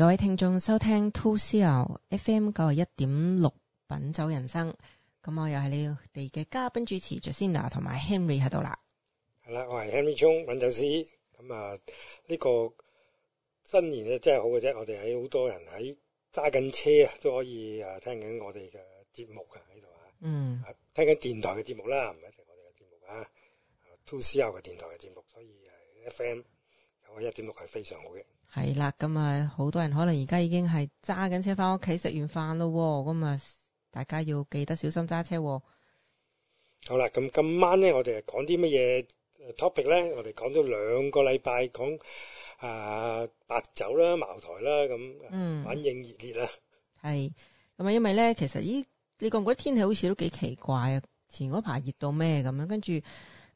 各位聽眾收聽 Two C L F M 九啊一點六品酒人生，咁我又係你哋嘅嘉賓主持 Jacinda 同埋 Henry 喺度啦。係啦，我係 Henry Chung 品酒師。咁啊，呢個新年咧，真係好嘅啫。我哋喺好多人喺揸緊車啊，都可以誒聽緊我哋嘅節目啊喺度啊。嗯。聽緊電台嘅節目啦，唔係一定我哋嘅節目啊。Two C L 嘅電台嘅節目，所以誒 F M 九啊一點六係非常好嘅。係啦，咁啊，好多人可能而家已經係揸緊車翻屋企食完飯咯，咁啊，大家要記得小心揸車，哦。好啦，咁今晚咧，我哋啊講啲乜嘢 topic 咧？我哋講咗兩個禮拜講啊、呃、白酒啦、茅台啦咁，呃、嗯，反應熱烈啦。係，咁啊，因為咧，其實依你覺唔覺得天氣好似都幾奇怪啊？前嗰排熱到咩咁樣，跟住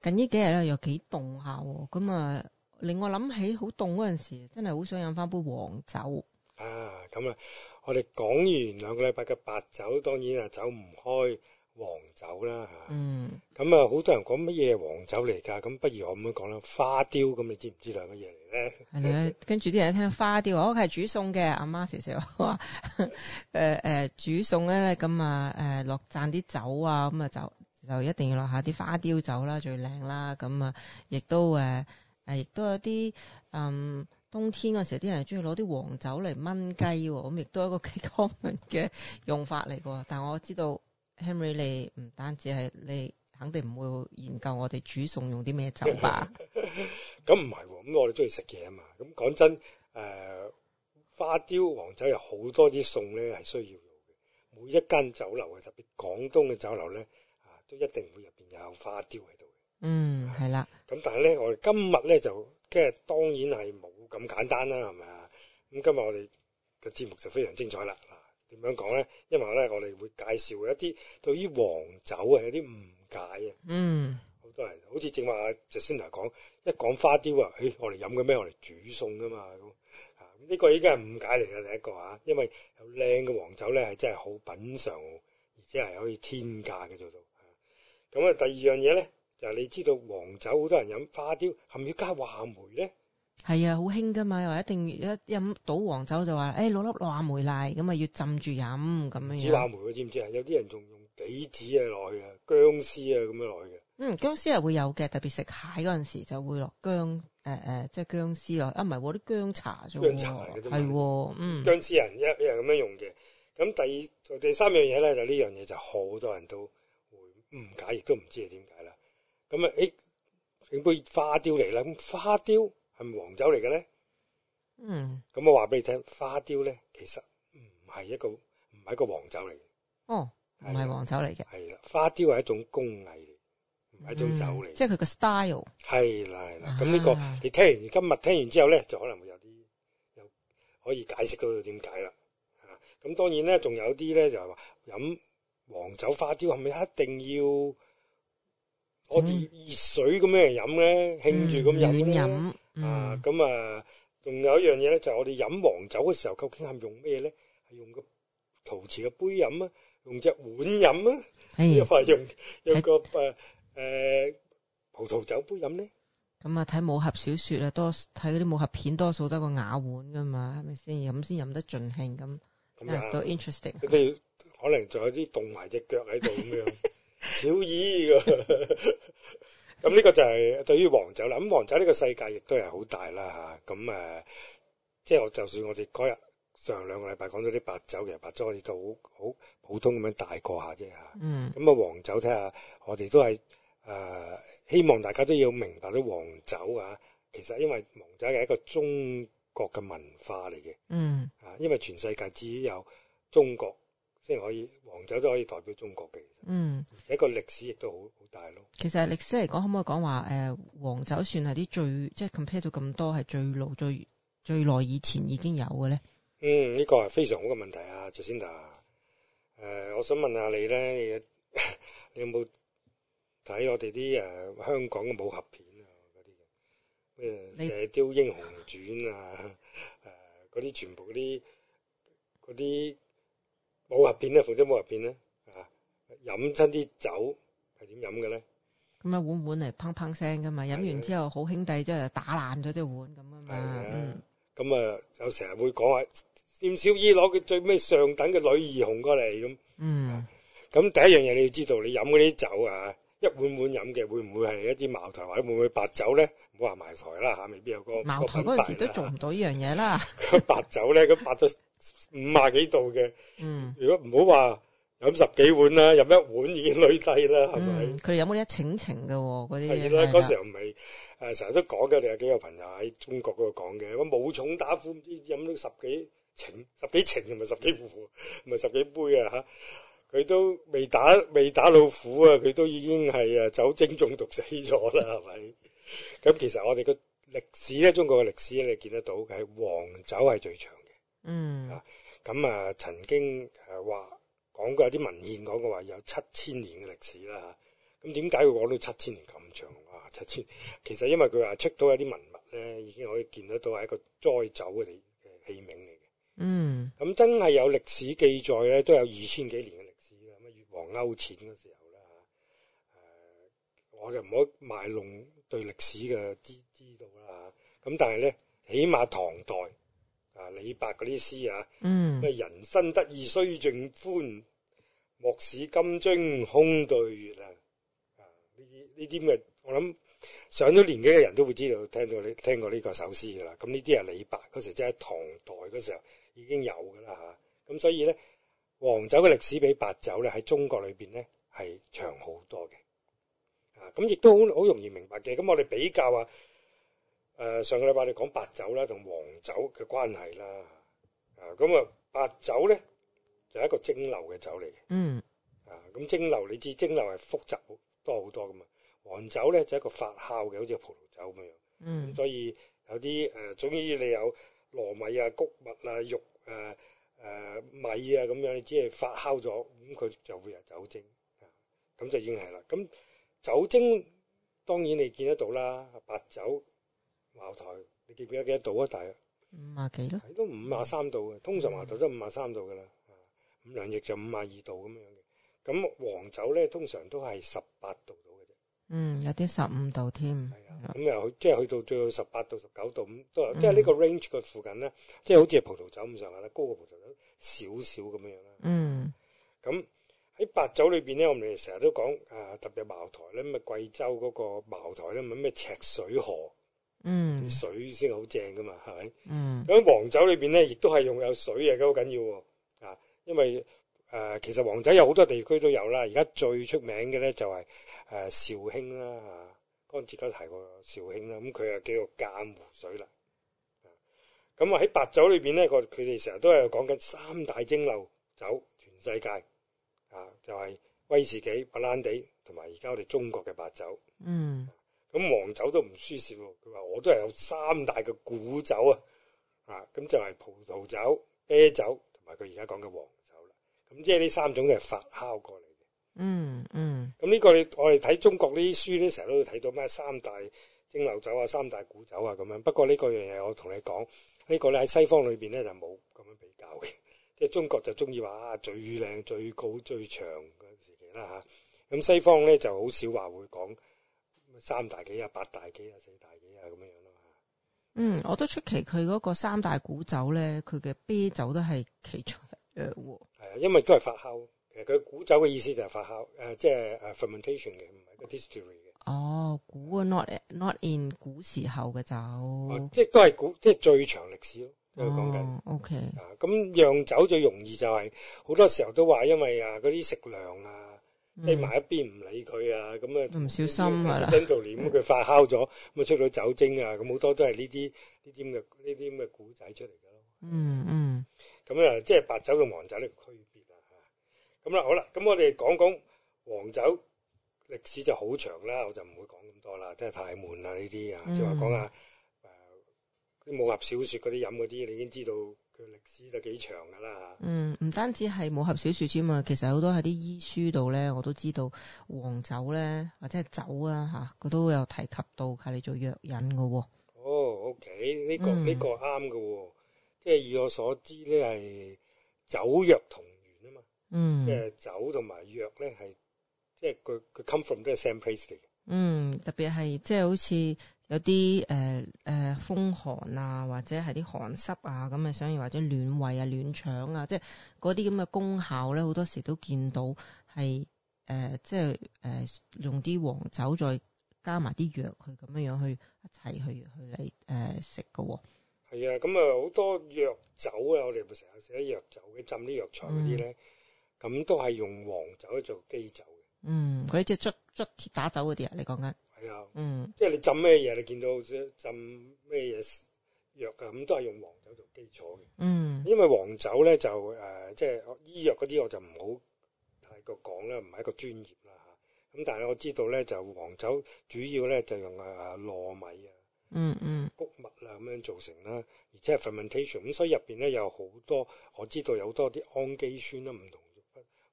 近呢幾日咧又幾凍下，咁啊。嗯令我諗起好凍嗰陣時，真係好想飲翻杯黃酒。啊，咁啊，我哋講完兩個禮拜嘅白酒，當然啊，走唔開黃酒啦。嗯。咁啊，好多人講乜嘢黃酒嚟噶？咁不如我咁樣講啦，花雕咁，你知唔知道係乜嘢嚟咧？係跟住啲人一聽到花雕，我係、 哦、煮餸嘅，阿媽成日話，誒誒、 呃呃、煮餸咧，咁啊誒落攢啲酒啊，咁啊就就一定要落下啲花雕酒啦，最靚啦。咁啊，亦都誒。誒，亦都有啲誒、嗯、冬天嗰時候，啲人係中意攞啲黃酒嚟炆雞喎，咁亦都係一個幾 common 嘅用法嚟嘅。但我知道 Henry，你唔單止係你，肯定唔會研究我哋煮餸用啲咩酒吧？咁唔係喎，咁我哋中意食嘢啊嘛。咁講真，誒，花雕黃酒有好多啲餸咧係需要用嘅。每一間酒樓啊，特別廣東嘅酒樓咧，啊都一定會入邊有花雕喺度嘅。嗯，係啦。咁但係咧，我哋今日咧就即係當然係冇咁簡單啦，係咪啊？咁今日我哋嘅節目就非常精彩啦。嗱，點樣講咧？因為咧，我哋會介紹一啲對於黃酒啊有啲誤解啊。嗯。好多人好似正話阿 Jacinda 講，一講花雕啊，誒、哎，我哋飲嘅咩？我哋煮餸噶嘛咁。啊，呢、這個依家係誤解嚟嘅第一個嚇、啊，因為有靚嘅黃酒咧係真係好品嚐，而且係可以天價嘅做到。咁啊，啊，第二樣嘢咧。但，你知道黃酒好多人飲，花雕，係咪要加話梅咧？係啊，好興㗎嘛！又話一定一飲到黃酒就話，誒、哎、攞粒話梅嚟，咁啊要浸住飲咁樣樣。話梅，知唔知啊？有啲人仲用杞子啊落去啊，薑絲啊咁樣落去嘅。嗯，薑絲係會有嘅，特別食蟹嗰陣時就會落薑誒誒，即係薑絲落啊。唔係喎，啲薑、啊、茶啫、啊。薑茶㗎啫，係喎、哦，嗯，薑絲人一啲人咁樣用嘅。咁第二第三樣嘢咧，就呢樣嘢就好多人都會唔解，亦都唔知係點解。咁啊，誒，整杯花雕嚟啦，咁花雕係咪黃酒嚟嘅咧？嗯，咁我話俾你聽，花雕咧其實唔係一個唔係一個黃酒嚟嘅。哦，唔係黃酒嚟嘅。係啦，花雕係一種工藝嚟，唔係一種酒嚟。即係佢個 style。係啦係啦，咁呢個你聽完今日聽完之後咧，就可能會有啲有可以解釋到點解啦。嚇，咁當然咧，仲有啲咧就係話飲黃酒花雕係咪一定要？我哋熱水咁樣嚟飲咧，興住咁飲，啊咁啊，仲有一樣嘢咧，就係我哋飲黃酒嘅時候，究竟係用咩咧？係用個陶瓷嘅杯飲啊，用隻碗飲啊，又話用用個誒誒葡萄酒杯飲咧？咁啊，睇武俠小說啊，多睇嗰啲武俠片，多數都係個瓦碗噶嘛，係咪先？咁先飲得盡興咁，都 interesting。佢哋可能仲有啲凍埋隻腳喺度咁樣。小耳，咁呢 個就係對於黃酒啦。咁黃酒呢個世界亦都係好大啦吓。咁、啊、誒，嗯嗯、即係我就算我哋嗰日上兩個禮拜講咗啲白酒嘅，白酒我哋都好好普通咁樣大過下啫吓。嗯。咁啊、嗯，黃酒睇下，我哋都係誒、呃，希望大家都要明白啲黃酒啊。其實因為黃酒係一個中國嘅文化嚟嘅。嗯。啊，因為全世界只有中國。即係可以，黃酒都可以代表中國嘅，嗯，而且個歷史亦都好好大咯、嗯。其實歷史嚟講，可唔可以講話誒黃酒算係啲最即係 compare 到咁多係最老、最最耐以前已經有嘅咧？嗯，呢、這個係非常好嘅問題啊 Jacinda。誒，我想問下你咧，你， 你有冇睇我哋啲誒香港嘅武俠片啊？嗰啲嘅咩射雕英雄傳啊，誒嗰啲全部啲啲。冇合片咧，父親冇合片咧，啊！飲親啲酒係點飲嘅咧？咁啊，碗碗嚟砰砰聲噶嘛，飲完之後好兄弟之後就打爛咗啲碗咁啊嘛。咁啊，又成日會講啊，店小二攞佢最咩上等嘅女兒紅過嚟咁。嗯。咁第一樣嘢你要知道，你飲嗰啲酒啊，一碗碗飲嘅，會唔會係一啲茅台或者會唔會白酒咧？唔好話茅台啦嚇，未必有個茅台嗰陣時都做唔到呢樣嘢啦。白酒咧，咁白咗。五廿幾度嘅，嗯、如果唔好話飲十幾碗啦，飲一碗已經累低啦，係咪、嗯？佢有冇一請情嘅嗰啲嘢咧？嗰的的時候唔係誒，成、啊、日都講嘅，你有幾個朋友喺中國嗰度講嘅，話武松打虎，飲到十幾埕，十幾埕，同埋十幾壺，咪十,十幾杯啊吓？佢、啊、都未打未打老虎啊，佢都已經係啊酒精中毒死咗啦，係咪？咁其實我哋嘅歷史咧，中國嘅歷史咧，你見得到係黃酒係最長。嗯，咁啊，啊，曾經誒話講過有啲文獻講過話有七千年嘅歷史啦嚇，咁點解要講到七千年咁長？哇、啊，七千其實因為佢話出到有啲文物咧，已經可以見得到係一個釀酒嘅器器皿嚟嘅。嗯，咁、啊、真係有歷史記載咧，都有二千幾年嘅歷史啦。咁啊，越王勾踐嘅時候咧嚇，誒、啊、我就唔好賣弄對歷史嘅知知道啦嚇。咁、啊、但係咧，起碼唐代。啊！李白嗰啲詩啊，嗯，咩人生得意須盡歡，莫使金樽空對月啊！呢啲呢啲嘅，我諗上咗年紀嘅人都會知道，聽到呢聽過呢個首詩噶啦。咁呢啲係李白嗰時即係唐代嗰時候已經有噶啦嚇。咁、啊、所以咧，黃酒嘅歷史比白酒咧喺中國裏邊咧係長好多嘅。啊，咁亦都好好容易明白嘅。咁我哋比較啊。誒，上個禮拜你講白酒啦同黃酒嘅關係啦，啊咁啊，白酒咧就係一個蒸餾嘅酒嚟嘅，嗯啊咁蒸餾，你知蒸餾係複雜好多好多噶嘛？黃酒咧就係一個發酵嘅，好似葡萄酒咁樣，嗯，所以有啲誒，總之你有糯米啊、穀物啊、肉誒誒米啊咁樣，你只係發酵咗，咁佢就會有酒精，咁就已經係啦。咁酒精當然你見得到啦，白酒。茅台，你記唔記得幾多度啊？大約五啊幾咯？都五啊三度嘅，通常茅台、嗯、都五啊三度噶啦。五糧液就五啊二度咁樣嘅。咁黃酒咧，通常都係十八度度嘅啫。嗯，有啲十五度添。係啊，咁又去即係去到最到十八度、十九度咁，都、嗯、即係呢個 range 個附近咧，即係好似係葡萄酒咁上下啦，高過葡萄酒少少咁樣啦。嗯。咁喺白酒裏邊咧，我哋成日都講啊，特別茅台咧，咁啊貴州嗰個茅台咧，咪咩赤水河？嗯，水先好正噶嘛，係咪？嗯，咁黃酒裏邊咧，亦都係用有水嘅，都好緊要喎。啊，因為誒、呃，其實黃酒有好多地區都有啦。而家最出名嘅咧就係、是、誒、紹、呃、興啦，啊，剛才都提過紹興啦。咁佢又叫做鑑湖水啦。咁、嗯、啊，喺、嗯、白酒裏邊咧，個佢哋成日都係講緊三大蒸餾酒，全世界啊，就係、是、威士忌、白蘭地同埋而家我哋中國嘅白酒。嗯。咁黃酒都唔輸蝕，佢話我都係有三大嘅古酒啊，啊咁就係葡萄酒、啤酒同埋佢而家講嘅黃酒啦。咁即係呢三種嘅發酵過嚟嘅、嗯。嗯嗯。咁呢、這個我哋睇中國呢啲書咧，成日都會睇到咩三大蒸餾酒啊、三大古酒啊咁樣。不過呢、這個樣嘢我同你講，呢、這個咧喺西方裏邊咧就冇咁樣比較嘅，即、就、係、是、中國就中意話啊最靚、最高、最長嗰陣時期啦嚇。咁、啊、西方咧就好少話會講。三大幾啊，八大幾啊，四大幾啊，咁樣樣啦嘛。嗯，我都出奇佢嗰個三大古酒咧，佢嘅啤酒都係其中嘅喎。係啊，因為都係發酵，其實佢古酒嘅意思就係發酵，誒、呃，即係誒、uh，fermentation 嘅，唔係 distillery 嘅。哦，古啊，not a, not in 古時候嘅酒。哦、即係都係古，即係最長歷史咯。哦，OK、嗯。啊，咁釀酒最容易就係、是、好多時候都話，因為啊，嗰啲食糧啊。匿埋一邊唔理佢啊，咁啊唔小心啊度咁佢發酵咗，咁啊出到酒精啊，咁好多都係呢啲呢啲咁嘅呢啲咁嘅古仔出嚟噶咯。嗯嗯。咁啊，即係白酒同黃酒呢個區別啊吓。咁啦，好啦，咁我哋講講黃酒歷史就好長啦，我就唔會講咁多啦，真係太悶啦呢啲啊，即係話講下誒，啲、嗯呃、武俠小說嗰啲飲嗰啲，你已經知道。佢歷史都幾長㗎啦嚇。嗯，唔單止係武俠小説啫啊，其實好多喺啲醫書度咧，我都知道黃酒咧或者係酒啊嚇，佢都有提及到係嚟做藥引嘅喎。哦，OK，呢個，嗯，呢個啱嘅喎，即係以我所知咧係酒藥同源啊嘛。嗯。即係酒同埋藥咧係，即係佢佢 come from 都係 same place 嚟嘅。嗯，特別係即係好似。有啲誒誒風寒啊，或者係啲寒濕啊，咁啊，想要或者暖胃啊、暖腸啊，即係嗰啲咁嘅功效咧，好多時都見到係誒、呃，即係誒、呃、用啲黃酒再加埋啲藥去咁樣樣去一齊去去嚟誒食嘅。係、呃哦、啊，咁啊好多藥酒啊，我哋咪成日食啲藥酒，佢浸啲藥材嗰啲咧，咁、嗯、都係用黃酒去做基酒嘅。嗯，嗰啲即係捽捽跌打酒嗰啲啊，你講緊？有，嗯、即係你浸咩嘢？你見到浸咩嘢藥㗎？咁都係用黃酒做基礎嘅。嗯，因為黃酒咧就誒、呃，即係醫藥嗰啲我就唔好太過講啦，唔係一個專業啦嚇。咁、啊、但係我知道咧，就黃酒主要咧就用誒、啊、糯米啊、嗯、嗯嗯、穀物啊咁樣做成啦。而且係 fermentation 咁、嗯，所以入邊咧有好多我知道有多啲氨基酸啦，唔同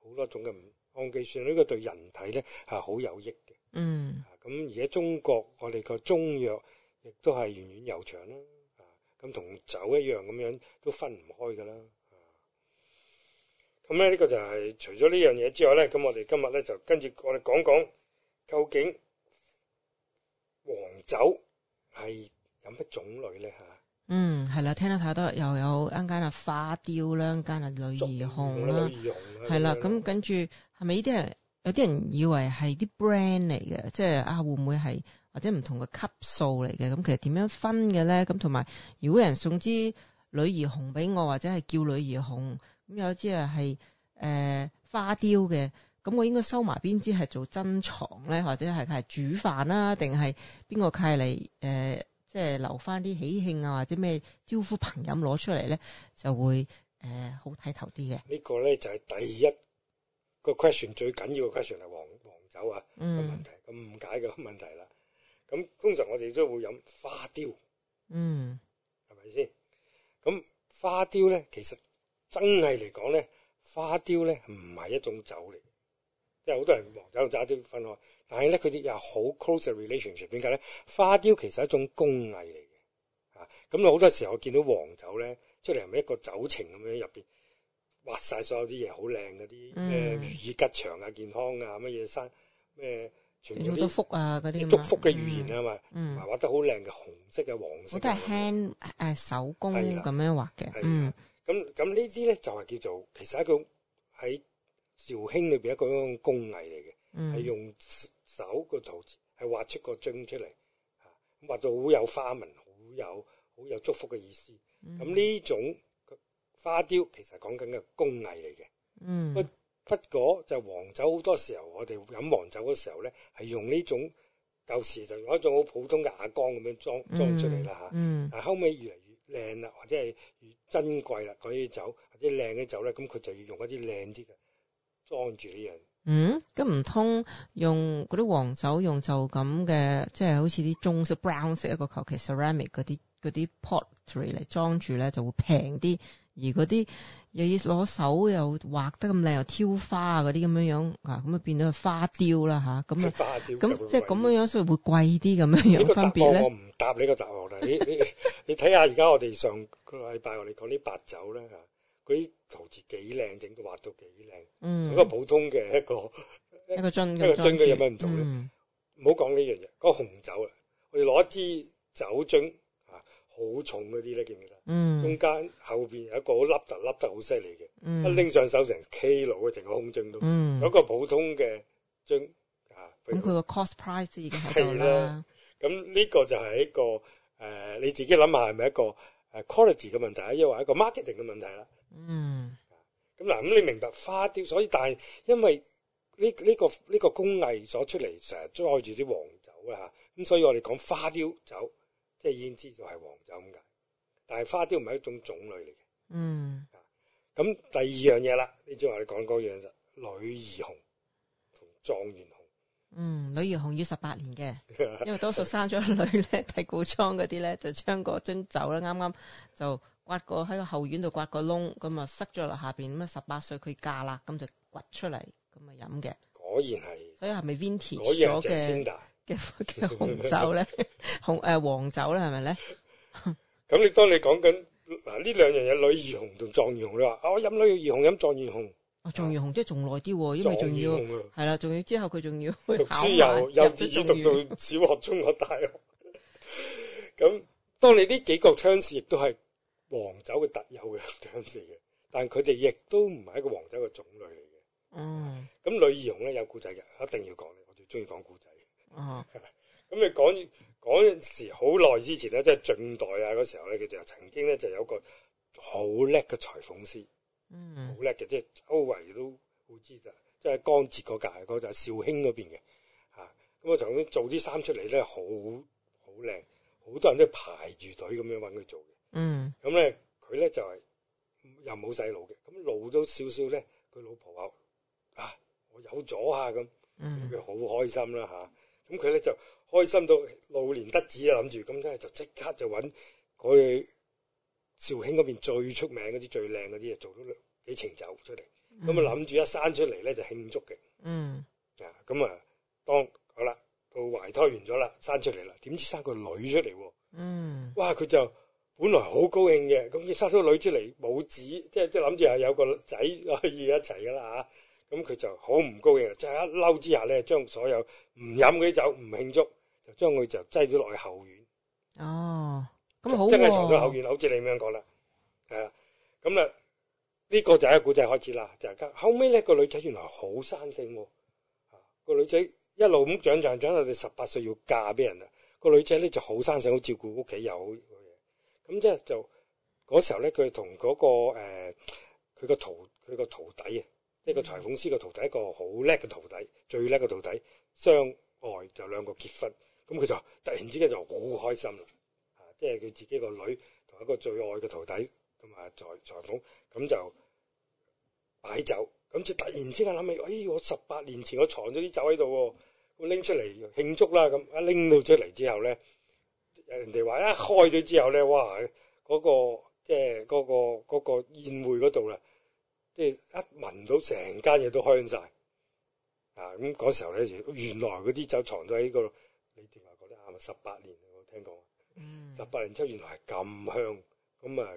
好多種嘅氨基酸，呢個對人體咧係好有益嘅。嗯。咁而家中國，我哋個中藥亦都係源遠流長啦，啊咁同酒一樣咁樣都分唔開噶啦，咁咧呢個就係除咗呢樣嘢之外咧，咁我哋今日咧就跟住我哋講講究竟黃酒係飲乜種類咧嚇？嗯，係啦，聽得太多又有間啊花雕啦，間啊女兒紅啦，係啦，咁跟住係咪呢啲係？有啲人以為係啲 brand 嚟嘅，即係啊會唔會係或者唔同嘅級數嚟嘅？咁其實點樣分嘅咧？咁同埋如果有人送支女兒紅俾我，或者係叫女兒紅咁有支啊係誒花雕嘅，咁我應該收埋邊支係做珍藏咧，或者係係煮飯啦、啊，定係邊個契嚟誒即係留翻啲喜慶啊或者咩招呼朋友攞出嚟咧，就會誒、呃、好睇頭啲嘅。呢個咧就係第一。個 question 最緊要嘅 question 係黃黃酒啊個、mm. 問題，個誤解嘅問題啦。咁通常我哋都會飲花雕，嗯、mm.，係咪先？咁花雕咧，其實真係嚟講咧，花雕咧唔係一種酒嚟嘅，即係好多人黃酒同花雕分開。但係咧，佢哋又好 close 嘅 relationship。點解咧？花雕其實係一種工藝嚟嘅嚇。咁、啊、好多時候我見到黃酒咧出嚟係咪一個酒埕咁樣入邊？畫晒所有啲嘢好靚嗰啲咩如意吉祥啊健康啊乜嘢生咩全部啲祝福啊嗰啲祝福嘅語言啊嘛，畫得好靚嘅紅色嘅黃色，我都係 hand 誒手工咁樣畫嘅。嗯，咁咁呢啲咧就係叫做其實係一種喺紹興裏邊一個工藝嚟嘅，係用手個圖紙係畫出個樽出嚟，畫到好有花紋，好有好有祝福嘅意思。咁呢種。花雕其實講緊嘅工藝嚟嘅，嗯、不不過就黃酒好多時候，我哋飲黃酒嘅時候咧係用呢種舊時就用一種好普通嘅瓦缸咁樣裝裝出嚟啦嚇。嗯嗯、但後尾越嚟越靚啦，或者係越珍貴啦嗰啲酒或者靚嘅酒咧，咁佢就要用一啲靚啲嘅裝住呢樣。嗯，咁唔通用嗰啲黃酒用就咁嘅，即係好似啲棕色、brown 色一個求其 ceramic 嗰啲嗰啲 pot 嚟裝住咧就會平啲。而嗰啲又要攞手又畫得咁靚又挑花啊，嗰啲咁樣樣啊咁啊變咗花雕啦吓，咁啊咁即係咁樣，樣所以會貴啲咁樣樣分別咧？我唔答你個答案啦，你你你睇下而家我哋上個禮拜我哋講啲白酒咧啊，嗰啲陶瓷幾靚，整到畫到幾靚，嗯，嗰個普通嘅一個 一個樽一個樽嘅有咩唔同咧？唔好講呢樣嘢，嗰紅酒啊，我哋攞支酒樽啊，好重嗰啲咧，嗯，中間後邊有一個好凹凸凹得好犀利嘅，嗯、一拎上手成 K 佬嘅，成個空樽都嗯，有一個普通嘅樽啊。咁佢個 cost price 已經喺度啦。咁呢、嗯、個就係一個誒、呃，你自己諗下係咪一個誒 quality 嘅問題，亦或一個 marketing 嘅問題啦、嗯嗯。嗯，咁嗱，咁你明白花雕，所以但係因為呢、這、呢個呢、這個這個工藝所出嚟，成日裝住啲黃酒啦吓，咁、啊、所以我哋講花雕酒，即係已經知道係黃酒咁解。但係花雕唔係一種種類嚟嘅，嗯，咁第二樣嘢啦，呢即係話你講嗰樣就女兒紅同狀元紅。嗯，女兒紅要十八年嘅，因為多數生咗女咧，睇 古裝嗰啲咧，就將個樽酒咧，啱啱就刮過喺個後院度刮個窿，咁啊塞咗落下邊，咁啊十八歲佢嫁啦，咁就掘出嚟，咁啊飲嘅。果然係。所以係咪 Vintage 咗嘅嘅嘅紅酒咧？ 紅誒、呃、黃酒咧係咪咧？是 咁你當你講緊嗱呢兩樣嘢，女兒紅同狀元紅，你話、啊、我飲女兒紅飲狀元紅，狀元紅即係仲耐啲喎，嗯、因為仲要係啦，仲、啊、要之後佢仲要讀書又幼稚園讀到小學、中學、大學。咁 當你呢幾個槍士亦都係黃酒嘅特有嘅槍士嘅，但係佢哋亦都唔係一個黃酒嘅種類嚟嘅。嗯。咁女兒紅咧有故仔嘅，一定要講你。我最中意講故仔。哦、嗯。咁你講？嗰陣時好耐之前咧，即係晉代啊嗰時候咧，佢就曾經咧就有個好叻嘅裁縫師，嗯，好叻嘅，即係周圍都好知即、那個那個、就即係江浙嗰界，嗰就紹興嗰邊嘅，嚇。咁我曾經做啲衫出嚟咧，好好靚，好多人都排住隊咁樣揾佢做嘅，嗯。咁咧，佢咧就係、是、又冇細路嘅，咁老咗少少咧，佢老婆話：啊，我有咗下咁，嗯，佢好開心啦嚇。啊咁佢咧就開心到老年得子啊，諗住咁真係就即刻就揾去紹興嗰邊最出名嗰啲、最靚嗰啲啊，做咗幾埕酒出嚟。咁啊諗住一生出嚟咧就慶祝嘅、嗯啊。嗯。啊、嗯，咁啊，當好啦，到懷胎完咗啦，生出嚟啦，點知生個女出嚟喎、啊？嗯。哇！佢就本來好高興嘅，咁佢生咗女出嚟冇子，即即諗住係有個仔可以一齊㗎啦嚇。啊咁佢、嗯、就好唔高興啦，就一嬲之下咧，將所有唔飲嗰啲酒唔慶祝，就將佢就擠咗落去後院哦，咁、啊、好、啊、真係藏咗後院，好似你咁樣講啦，係、嗯、啦，咁啦呢個就係一個古仔開始啦。就係、後尾咧，個女仔原來好生性喎。個、啊、女仔一路咁長長長到哋十八歲要嫁俾人啦。個、啊、女仔咧就好生性，好照顧屋企有嘢咁，即係、嗯、就嗰時候咧，佢同嗰個誒，佢、呃、個徒佢個徒弟啊。一個裁縫師個徒弟，一個好叻嘅徒弟，最叻嘅徒弟，相愛就兩個結婚，咁佢就突然之間就好開心啦，嚇、啊！即係佢自己個女同一個最愛嘅徒弟咁啊，裁裁縫咁就擺酒，咁就突然之間諗起，哎，我十八年前我藏咗啲酒喺度喎，咁拎出嚟慶祝啦咁，一拎到出嚟之後咧，人哋話一開咗之後咧，哇！嗰、嗰個即係嗰個嗰、嗰個嗰個宴會嗰度啦。即係一聞到成間嘢都香晒。啊，咁嗰時候咧，原來嗰啲酒藏咗喺個，你哋話講得啱啊，十八年我聽講，十八年之後原來係咁香，咁啊，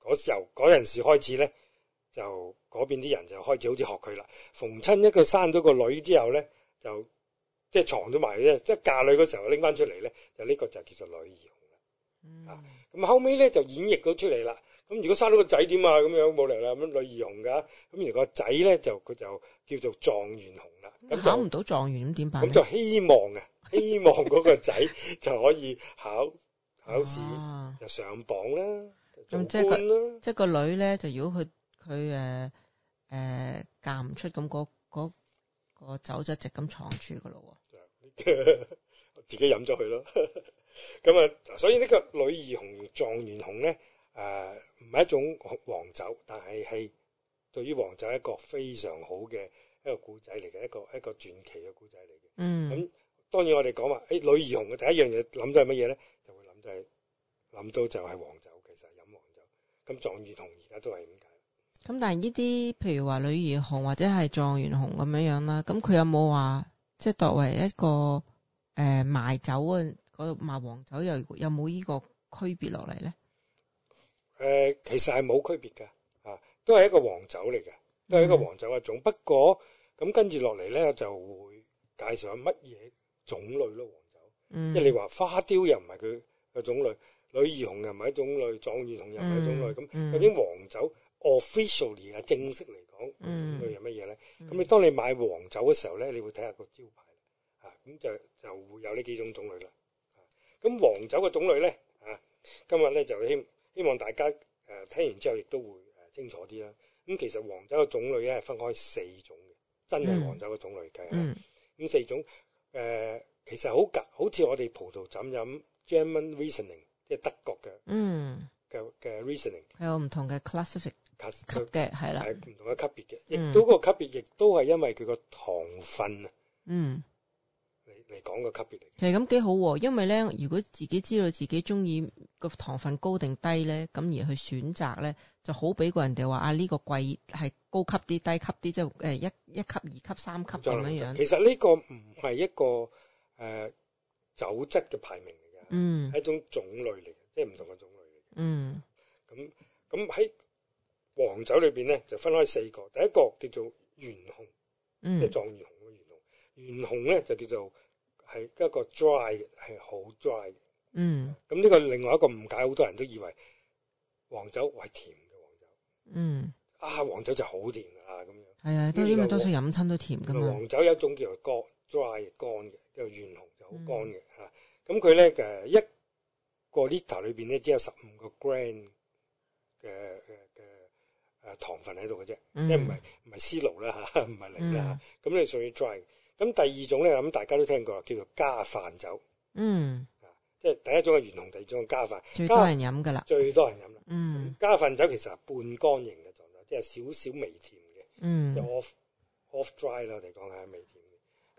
嗰時候嗰陣時開始咧，就嗰邊啲人就開始好似學佢啦。逢親一個生咗個女之後咧，就即係藏咗埋嘅，即係嫁女嗰時候拎翻出嚟咧，就呢個就叫做女兒紅啦。啊，咁後尾咧就演繹咗出嚟啦。咁如果生到個仔點啊？咁樣冇理由啦，咁女兒紅噶咁，而個仔咧就佢就叫做狀元紅啦。考唔到狀元咁點辦？咁就希望啊，希望嗰個仔就可以考 考試，就上榜啦，就做官、啊、啦。啊、即係個，個女咧，就如果佢佢誒誒嫁唔出咁，嗰、那、嗰個酒、那個、就直咁藏住噶咯。 自己飲咗佢咯。 咁啊，所以呢個女兒紅、狀元紅咧。誒唔係一種黃酒，但係係對於黃酒一個非常好嘅一個古仔嚟嘅，一個一個傳奇嘅古仔嚟嘅。嗯，嗯，咁當然我哋講話誒女兒紅嘅第一樣嘢諗到係乜嘢咧？就會諗到係諗到就係黃酒，其實飲黃酒。咁狀元紅而家都係咁解。咁、嗯、但係呢啲譬如話女兒紅或者係狀元紅咁樣樣啦，咁佢有冇話即係作為一個誒、呃、賣酒啊嗰度賣黃酒又有冇呢個區別落嚟咧？誒，其實係冇區別嘅，啊，都係一個黃酒嚟嘅，都係一個黃酒嘅種。不過咁跟住落嚟咧，就會介紹下乜嘢種類咯。黃酒，即係你話花雕又唔係佢嘅種類，女兒紅又唔係一種類，狀元紅又唔係一種類。咁究竟黃酒 officially 啊，正式嚟講，種類係乜嘢咧？咁你當你買黃酒嘅時候咧，你會睇下個招牌，啊，咁就就會有呢幾種種類啦。咁黃酒嘅種類咧，啊，今日咧就添。希望大家誒、呃、聽完之後亦都會誒、呃、清楚啲啦。咁、嗯、其實黃酒嘅種類咧係分開四種嘅，真係黃酒嘅種類計啊。咁四種誒其實好夾，好似我哋葡萄酒飲 German Riesling 即係德國嘅。嗯。嘅嘅 Riesling。係、呃嗯、有唔同嘅 classification 嘅係啦。係唔的、嗯、同嘅級別嘅，亦都個級別亦都係因為佢個糖分啊、嗯。嗯。嚟講個級別嚟，其實咁幾好、啊，因為咧，如果自己知道自己中意個糖分高定低咧，咁而去選擇咧，就好比個人哋話啊，呢個貴係高級啲、低級啲，即係誒一一級、二級、三級咁樣樣。其實呢個唔係一個誒、呃、酒質嘅排名嚟㗎，係、嗯、一種種類嚟嘅，即係唔同嘅種類嚟嘅。嗯，咁咁喺黃酒裏邊咧，就分開四個，第一個叫做元紅，嗯、即係狀元紅嘅元紅。元紅咧就叫做。係一個 dry 係好 dry 嗯。咁呢個另外一個誤解，好多人都以為黃酒係甜嘅黃酒。嗯。啊，黃酒就好甜啊，咁樣。係啊、哎，都因為多數飲親都甜㗎嘛。黃酒有一種叫做幹 dry 乾嘅，叫做元紅就好乾嘅嚇。咁佢咧誒一個 liter 裏邊咧只有十五個 gram 嘅嘅誒糖分喺度嘅啫，嗯、因為唔係唔係 c 糖啦嚇，唔係零啦嚇。咁你屬於 dry？咁第二種咧，咁大家都聽過，叫做加飯酒。嗯。啊，即係第一種係原紅，第二種係加飯。最多人飲㗎啦。加。最多人飲啦。嗯。加飯酒其實係半乾型嘅狀態，即係少少微甜嘅。嗯。嗯。即係 off off dry 啦，我哋講係微甜嘅。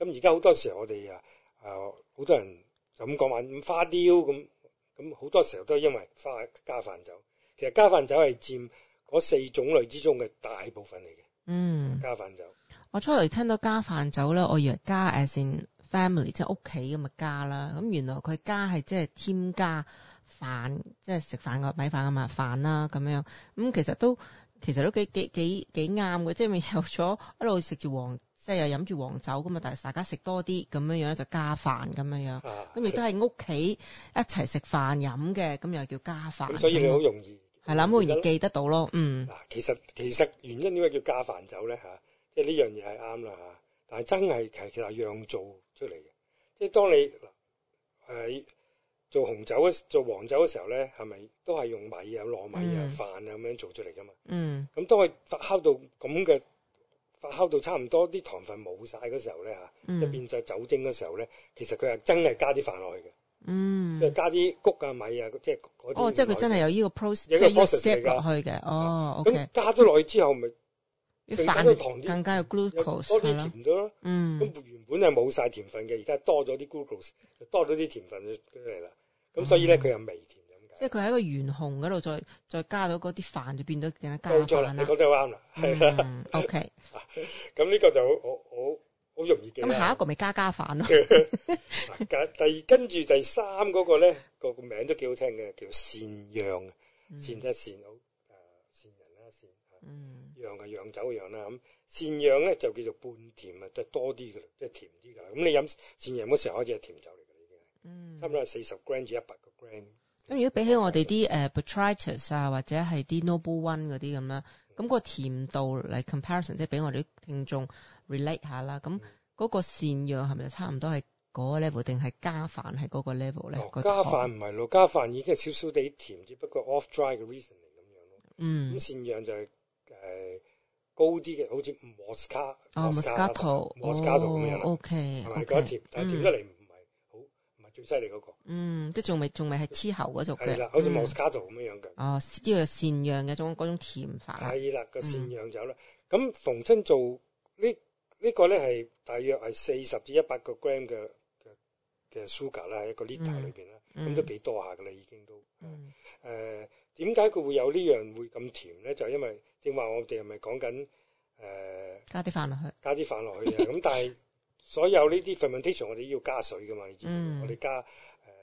咁而家好多時候我哋啊啊，呃，好多人咁講話花雕咁咁，好多時候都係因為花加飯酒。其實加飯酒係佔嗰四種類之中嘅大部分嚟嘅。嗯。加飯酒。我出嚟聽到加飯酒啦，我以為加 as in family 即係屋企咁嘅加啦，咁原來佢加係即係添加飯，即係食飯個米飯咁嘅飯啦咁樣。咁、嗯、其實都其實都幾幾幾幾啱嘅，即係咪有咗一路食住黃，即係又飲住黃酒咁嘛。但係大家食多啲咁樣樣就加飯咁樣樣，咁亦、啊、都係屋企一齊食飯飲嘅，咁又叫加飯。啊啊、所以你好容易係啦，好容易記得到咯。嗯，嗱、嗯，其實其實原因點解叫加飯酒咧嚇？即係呢樣嘢係啱啦嚇，但係真係其實其實係樣做出嚟嘅。即係當你誒、呃、做紅酒、做黃酒嘅時候咧，係咪都係用米啊、糯米啊、飯啊咁樣做出嚟噶嘛嗯嗯？嗯。咁當佢發酵到咁嘅發酵到差唔多啲糖分冇晒嗰時候咧嚇，嗯、就變曬酒精嘅時候咧，其實佢係真係加啲飯落去嘅。嗯。即係加啲谷啊、米啊，即係哦，即係佢真係有呢個 process，個 step 落去嘅。哦，咁加咗落去之後，咪、okay, 嗯？嗯啲飯又更加有 glucose，多啲甜咗咯，咁原本係冇晒甜分嘅，而家多咗啲 glucose，就多咗啲甜分出嚟啦。咁所以咧，佢又微甜咁解。即係佢喺個元紅嗰度再再加到嗰啲飯，就變到更加甜啦。你講得啱啦，係 O K。咁呢個就我我好容易記啦。咁下一個咪加加飯咯。第跟住第三嗰個咧，個個名都幾好聽嘅，叫善釀，善則善好，善人啦善。嗯。樣嘅釀酒樣啦，咁善釀咧就叫做半甜啊，即係多啲嘅啦，即係甜啲嘅啦。咁你飲善釀嗰時候開始係甜酒嚟㗎，已經係。嗯。差唔多係四十 gram 至一百個 gram。咁如果比起我哋啲誒 Botrytis 啊，或者係啲 Noble One 嗰啲咁啦，咁個甜度嚟 comparison，即係俾我哋啲聽眾 relate 下啦。咁嗰個善釀係咪差唔多係嗰個 level，定係加飯係嗰個 level 咧？加飯唔係囉，加飯已經係少少地甜，只不過 off dry 嘅 reason 嚟咁樣咯。嗯。咁善釀就係誒。高啲嘅，好似莫斯卡，莫斯卡圖，莫斯卡圖咁樣啦。O K，O K，係甜，但係甜得嚟唔係好，唔係最犀利嗰個，嗯，即仲未仲未係黐喉嗰種嘅。係啦，好似莫斯卡圖咁樣樣嘅。哦，呢個善釀嘅種嗰種甜法啦。係啦，個善釀酒啦。咁逢親做呢呢個咧係大約係四十至一百個 gram 嘅嘅嘅 sugar 啦，一個 liter 裏邊啦，咁都幾多下嘅啦，已經都。嗯。誒，點解佢會有呢樣會咁甜咧？就係因為。正話我哋係咪講緊誒？呃、加啲飯落去，加啲飯落去啊！咁 但係所有呢啲 fermentation 我哋要加水噶嘛？你知、嗯、我哋加誒、呃、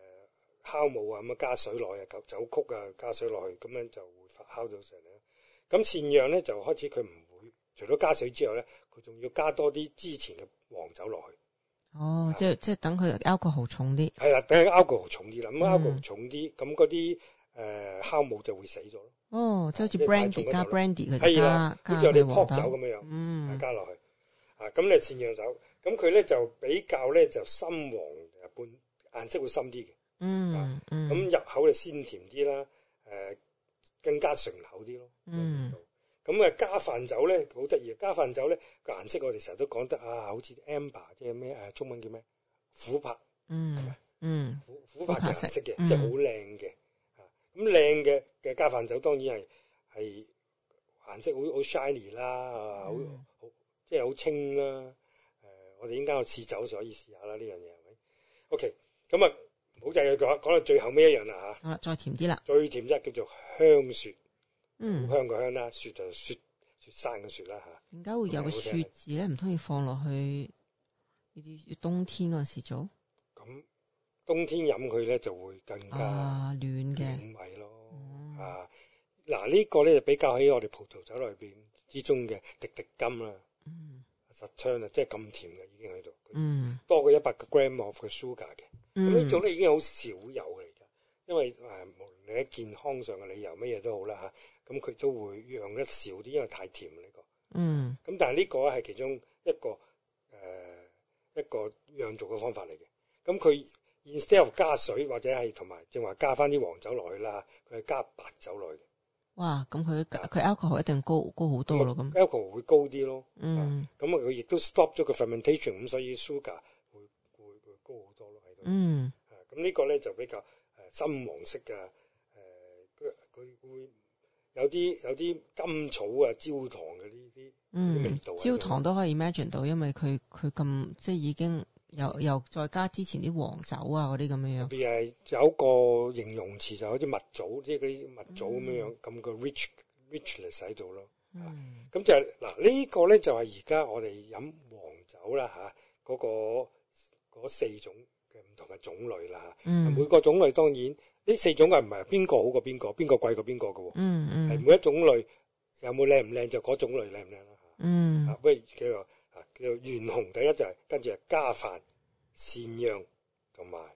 酵母啊，咁樣加水落去，酒酒曲啊，加水落去，咁樣就會發酵咗成啦。咁善釀咧就開始佢唔會，除咗加水之外咧，佢仲要加多啲之前嘅黃酒落去。哦，啊、即係即係等佢 alcohol 重啲。係啦，等佢 alcohol 重啲啦。咁 alcohol 重啲，咁嗰啲誒酵母就會死咗。哦，即係好似 Brandy 加 Brandy 嘅加，跟住我哋泡酒咁樣樣，嗯，加落去啊，咁咧善釀酒，咁佢咧就比較咧就深黃半顏色會深啲嘅，嗯咁入口就鮮甜啲啦，誒，更加順口啲咯，嗯，咁啊加飯酒咧好得意加飯酒咧個顏色我哋成日都講得啊，好似 amber 即係咩誒，中文叫咩琥珀，嗯嗯，琥珀嘅顏色嘅，即係好靚嘅。咁靚嘅嘅加飯酒當然係係顏色好好 shiny 啦，好好、mm. 即係好清啦、啊。誒、呃，我哋應該有試酒，所以試下啦呢、mm. okay, 樣嘢係咪？OK，咁啊，唔好就係講講到最後尾一樣啦吓，好啦，再甜啲啦。最甜即係叫做香雪，嗯，mm. 香嘅香啦、啊，雪就雪雪山嘅雪啦、啊、吓，點解會有個雪字咧？唔通要放落去呢啲要，要冬天嗰陣時做？冬天飲佢咧就會更加、啊、暖嘅胃咯。啊，嗱呢個咧就比較喺我哋葡萄酒裏邊之中嘅滴滴金啦。嗯，十 o u 即係咁甜嘅已經喺度。嗯，多過一百個 gram of 嘅 sugar 嘅。咁呢種咧已經好少有嘅嚟噶，因為誒無論你喺健康上嘅理由乜嘢都好啦嚇，咁佢都會釀得少啲，因為太甜呢、這個。嗯，咁、嗯、但係呢個係其中一個誒、呃、一個釀造嘅方法嚟嘅，咁佢。Instead of 加水或者係同埋正話加翻啲黃酒落去啦，佢係加白酒落去嘅。哇，咁佢佢的 alcohol 一定高高好多咯咁。alcohol 會高啲咯，嗯，咁啊佢亦都 stop 咗個 fermentation，咁所以 sugar 會會會高好多咯喺度。嗯，咁、啊、呢個咧就比較誒、呃、深黃色嘅誒，佢、呃、佢會有啲有啲甘草啊、焦糖嘅呢啲。嗯、味道。焦糖都可以 imagine 到，因為佢佢咁即係已經。又又再加之前啲黃酒啊，嗰啲咁樣樣。特別係有一個形容詞就好似蜜棗，即係嗰啲蜜棗咁樣樣，咁個 rich，richness 喺度咯。嗯。咁、啊嗯、就嗱、是這個、呢個咧就係而家我哋飲黃酒啦嚇，嗰、啊那個嗰四種嘅唔同嘅種類啦嚇。啊嗯、每個種類當然呢四種啊唔係邊個好過邊個，邊個貴過邊個嘅喎。嗯嗯。係每一種類有冇靚唔靚就嗰種類靚唔靚啦嚇。啊、嗯。啊喂，叫做。叫做元紅，第一就係跟住係加飯、善釀同埋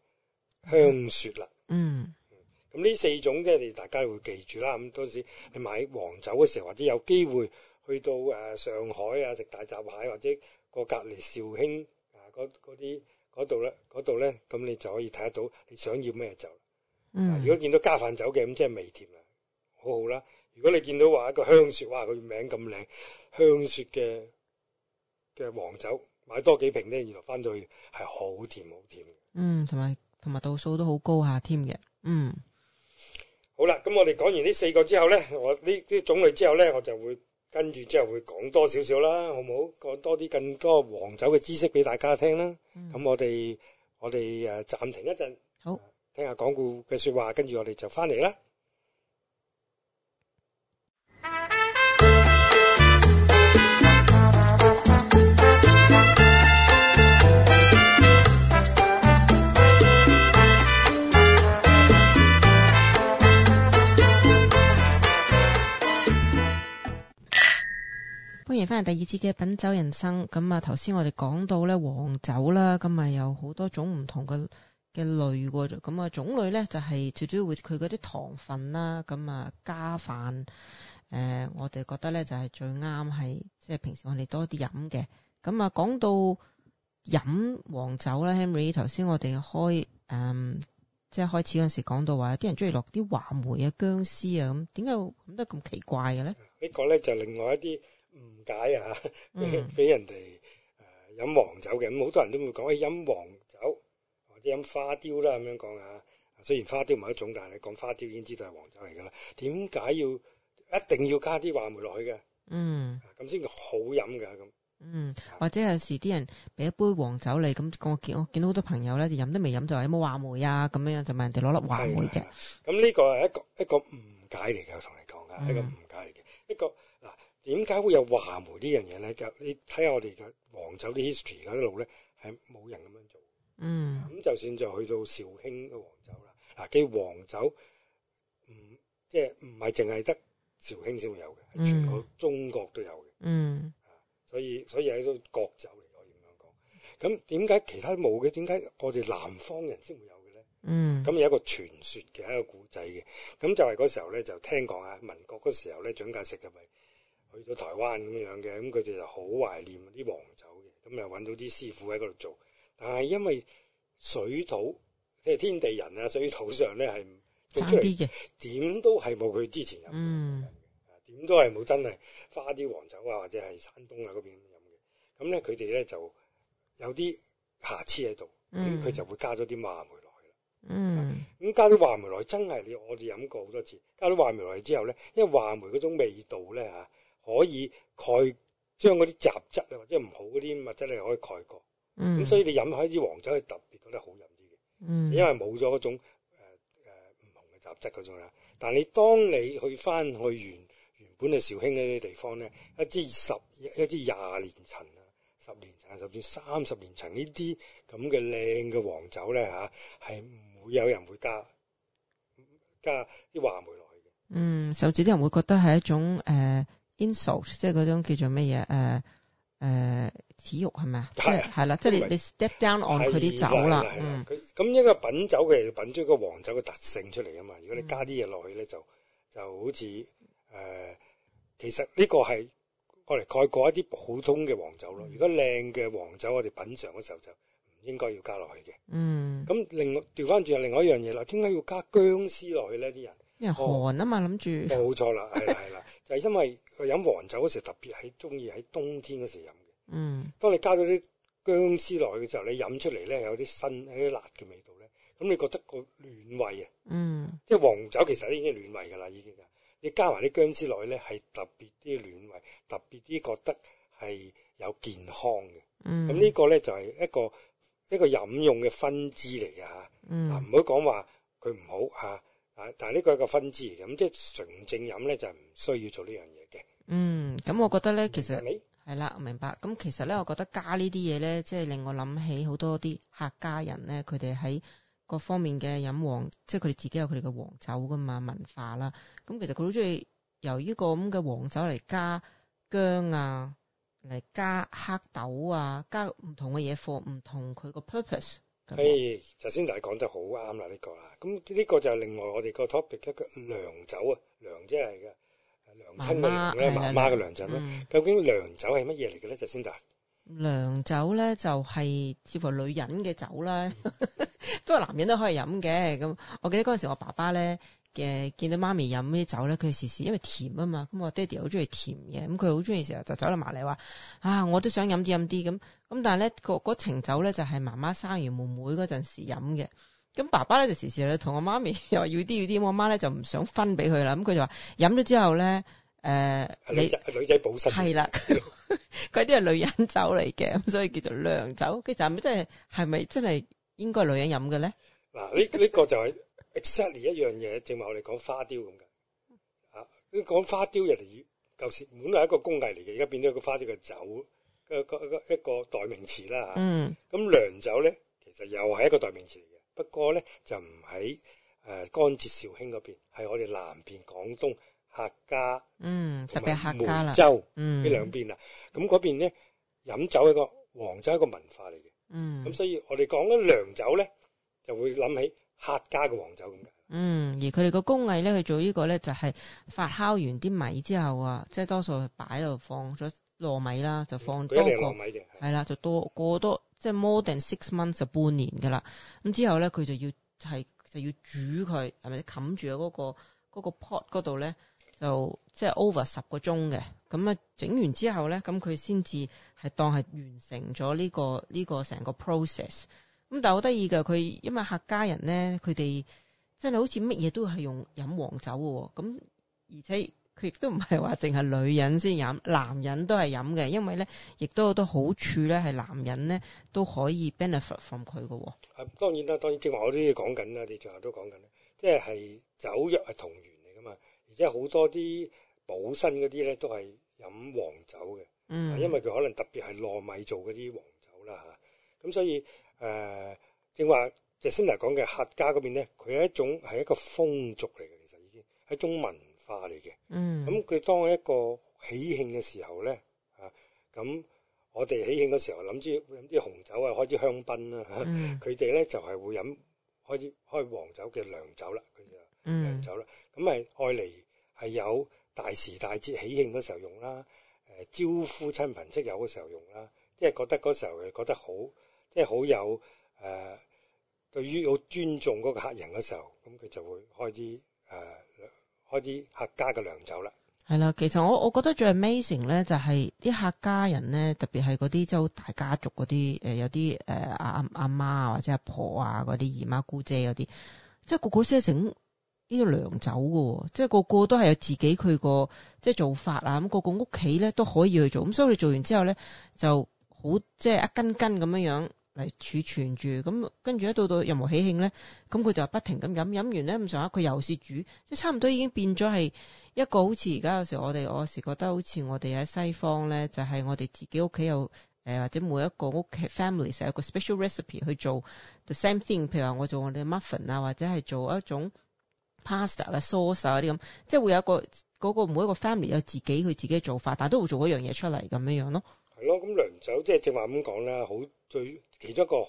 香雪啦。嗯，咁呢、嗯、四種即係你大家會記住啦。咁當時你買黃酒嘅時候，或者有機會去到誒、呃、上海啊食大閘蟹，或者過隔籬紹興啊嗰啲，嗰度咧，嗰度咧，咁你就可以睇得到你想要咩酒，啊酒。嗯，如果見到加飯酒嘅咁即係微甜啦，好好啦。如果你見到話一個香雪，哇，佢名咁靚，香雪嘅。嘅黃酒買多幾瓶咧，原來翻到去係好甜好甜。嗯，同埋同埋度數都好高下添嘅。嗯，好啦，咁我哋講完呢四個之後咧，我呢啲種類之後咧，我就會跟住之後會講多少少啦，好唔好？講多啲更多黃酒嘅知識俾大家聽啦。咁我哋我哋誒暫停一陣，好聽下講故嘅說話，跟住我哋就翻嚟啦。歡迎翻嚟第二節嘅品酒人生。咁啊，頭先我哋講到咧黃酒啦，咁咪有好多種唔同嘅嘅類。咁啊，種類咧就係最主要，佢嗰啲糖分啦。咁啊，加飯誒，我哋覺得咧就係最啱係，即係平時我哋多啲飲嘅。咁啊，講到飲黃酒啦，Henry，頭先我哋開誒、嗯，即係開始嗰時講到話有啲人中意落啲話梅啊、薑絲啊咁，點解會咁都咁奇怪嘅咧？呢個咧就另外一啲。誤解啊，俾、嗯、 人哋誒、呃、飲黃酒嘅，咁好多人都會講誒飲黃酒或者飲花雕啦，咁樣講啊。雖然花雕唔係一種，但係你講花雕已經知道係黃酒嚟㗎啦。點解要一定要加啲話梅落去嘅？嗯，咁先好飲㗎咁。嗯，或者有時啲人俾一杯黃酒嚟，咁我見我見到好多朋友咧，就飲都未飲就話有冇話梅啊？咁樣樣就問人哋攞粒話梅嘅。咁呢個係一個一個誤解嚟嘅，我同你講㗎，一個誤解嚟嘅一個。嗯。點解會有話梅呢樣嘢咧？就你睇下我哋嘅黃酒啲 history，嗰啲路咧係冇人咁樣做。嗯。咁就算就去到紹興嘅黃酒啦，嗱既黃酒唔即係唔係淨係得紹興先會有嘅，全個中國都有嘅。嗯。啊，所以所以喺到國酒嚟，我咁樣講。咁點解其他冇嘅？點解我哋南方人先會有嘅咧？嗯。咁有一個傳說嘅，一個古仔嘅。咁就係嗰時候咧，就聽講啊，民國嗰時候咧，蔣介石就咪。去咗台灣咁樣嘅，咁佢哋就好懷念啲黃酒嘅，咁又揾到啲師傅喺嗰度做，但係因為水土即係天地人啊，水土上咧係唔做出嚟嘅，點都係冇佢之前飲，嘅、嗯，都點都係冇真係花啲黃酒啊，或者係山東啊嗰邊飲嘅，咁咧佢哋咧就有啲瑕疵喺度，咁佢、嗯、就會加咗啲話梅落去，嗯，咁、啊、加啲話梅落去真係你我哋飲過好多次，加啲話梅落去之後咧，因為話梅嗰種味道咧嚇。啊可以蓋將嗰啲雜質啊，或者唔好嗰啲物質，你可以蓋過。嗯，咁所以你飲開支黃酒係特別覺得好飲啲嘅，嗯，因為冇咗嗰種誒唔、呃呃、同嘅雜質嗰種啦。但係你當你去翻去原原本嘅紹興嗰啲地方咧，一支十一支廿年陳啊，十年陳，甚至三十年陳呢啲咁嘅靚嘅黃酒咧嚇，係、啊、唔會有人會加加啲話梅落去嘅。嗯，甚至啲人會覺得係一種誒。呃 insult 即係嗰種叫做咩嘢？誒誒，恥辱係咪啊？係係啦，即係你你 step down on 佢啲酒啦。嗯。咁一個品酒嘅人品出一個黃酒嘅特性出嚟啊嘛。如果你加啲嘢落去咧，就就好似誒，其實呢個係嚟蓋過一啲普通嘅黃酒咯。如果靚嘅黃酒，我哋品嚐嘅時候就唔應該要加落去嘅。嗯。咁另外調翻轉又另外一樣嘢啦，點解要加薑絲落去咧？啲人因為寒啊嘛，諗住。冇錯啦，係啦係啦，就係因為。佢飲黃酒嗰時特別係中意喺冬天嗰時飲嘅。嗯，當你加咗啲薑絲落去嘅時候，你飲出嚟咧有啲辛、有啲辣嘅味道咧，咁你覺得個暖胃啊。嗯，即係黃酒其實已經暖胃㗎啦，已經啊。你加埋啲薑絲落去咧，係特別啲暖胃，特別啲覺得係有健康嘅。嗯，咁呢個咧就係、是、一個一個飲用嘅分支嚟嘅嚇。嗯，唔、啊、好講話佢唔好嚇。啊但係呢個一個分支嚟嘅，咁即係純正飲咧就唔需要做呢樣嘢嘅。嗯，咁我覺得咧，其實係啦，明白，我明白。咁其實咧，我覺得加呢啲嘢咧，即係令我諗起好多啲客家人咧，佢哋喺各方面嘅飲黃，即係佢哋自己有佢哋嘅黃酒噶嘛文化啦。咁其實佢好中意由呢個咁嘅黃酒嚟加薑啊，嚟加黑豆啊，加唔同嘅嘢 for 唔同佢個 purpose。唉，頭先就講得好啱啦，呢、這個啦。咁、這、呢個就另外我哋個 topic 一個娘酒啊，娘即係嘅，娘親嘅娘咧，媽媽嘅娘酒咧。嗯、究竟娘酒係乜嘢嚟嘅咧？頭先就娘酒咧，就係似乎女人嘅酒啦，嗯、 不過男人都可以飲嘅。咁我記得嗰陣時我爸爸咧。誒，見到媽咪飲啲酒咧，佢時時因為甜啊嘛，咁我爹哋好中意甜嘅，咁佢好中意時候就走落埋嚟話啊，我都想飲啲飲啲咁，咁但係咧嗰程酒咧就係媽媽生完妹妹嗰陣時飲嘅，咁爸爸咧就時時咧同我媽咪又話要啲要啲，我媽咧就唔想分俾佢啦，咁佢就話飲咗之後咧，誒、呃，女你女仔補身係啦，佢啲係女人酒嚟嘅，咁所以叫做娘酒，跟住就咁即係係咪真係應該女人飲嘅咧？嗱，呢呢個就係、是。exactly 一樣嘢，正話我哋講花雕咁嘅嚇。你講花雕，人哋以舊時本嚟係一個工藝嚟嘅，而家變咗一個花雕嘅酒一個代名詞啦嚇。嗯。咁娘酒咧，其實又係一個代名詞嚟嘅，不過咧就唔喺誒江浙、紹興嗰邊，係我哋南邊廣東客家嗯，特別客家啦，梅州呢兩邊啊。咁嗰邊咧飲酒一個黃酒一個文化嚟嘅。嗯。咁所以我哋講咧娘酒咧，就會諗起，客家嘅黃酒咁，嗯，而佢哋個工藝咧，佢做個呢個咧就係、是、發酵完啲米之後啊，即係多數係擺喺度放咗糯米啦，嗯、就放多個，係啦，就多過多，即係 more than six months 就半年噶啦。咁之後咧，佢就要係就要煮佢，係咪冚住啊、那、嗰個嗰、嗰個 pot 嗰度咧，就即係、就是、over 十個鐘嘅。咁啊，整完之後咧，咁佢先至係當係完成咗呢、呢個呢、呢個成個 process。咁但係好得意㗎，佢因為客家人咧，佢哋真係好似乜嘢都係用飲黃酒嘅咁、哦，而且佢亦都唔係話淨係女人先飲，男人都係飲嘅，因為咧亦都有好多好處咧，係男人咧都可以 benefit from 佢嘅、哦。係當然啦，當然正話我都要講緊啦，你最後都講緊咧，即係酒藥係同源嚟㗎嘛，而且好多啲補身嗰啲咧都係飲黃酒嘅，嗯，因為佢可能特別係糯米做嗰啲黃酒啦嚇，咁、啊、所以。誒正話就先嚟講嘅客家嗰邊咧，佢係一種係一個風俗嚟嘅，其實已經係一種文化嚟嘅。嗯，咁佢當一個喜慶嘅時候咧，啊咁我哋喜慶嘅時候諗住飲啲紅酒啊，開支香檳啦、啊。佢哋咧就係、是、會飲開始開黃酒嘅涼酒啦，佢就涼酒啦。咁咪愛嚟係有大時大節喜慶嗰時候用啦，誒、呃、招呼親朋戚友嘅時候用啦，即、就、係、是、覺得嗰時候係覺得好。即係好有誒、呃，對於好尊重個客人嘅時候，咁、嗯、佢就會開啲誒、呃、開啲客家嘅娘酒啦。係啦，其實我我覺得最 amazing 咧，就係啲客家人咧，特別係嗰啲即係大家族嗰啲誒有啲誒阿阿阿啊，啊，啊，啊媽或者阿婆啊，嗰啲姨媽姑姐嗰啲，即係個個個識整呢個娘酒嘅，即係個個都係有自己佢個即係做法啊。咁個個屋企咧都可以去做，咁、嗯、所以你做完之後咧就好即係一根根咁樣樣。嚟儲存住，咁跟住一到到任何喜慶咧，咁佢就不停咁飲，飲完咧，咁上下佢又是煮，即係差唔多已經變咗係一個好似而家有時我哋，我有時覺得好似我哋喺西方咧，就係、是、我哋自己屋企有，誒、呃、或者每一個屋企 family 成個 special recipe 去做 the same thing，譬如話我做我哋嘅 muffin 啊，或者係做一種 pasta 嘅 sauce 啊啲咁，即係會有一個嗰個每一個 family 有自己佢自己嘅做法，但係都會做一樣嘢出嚟咁樣樣咯。係咯，咁娘酒即係正話咁講啦，好。最其中一個好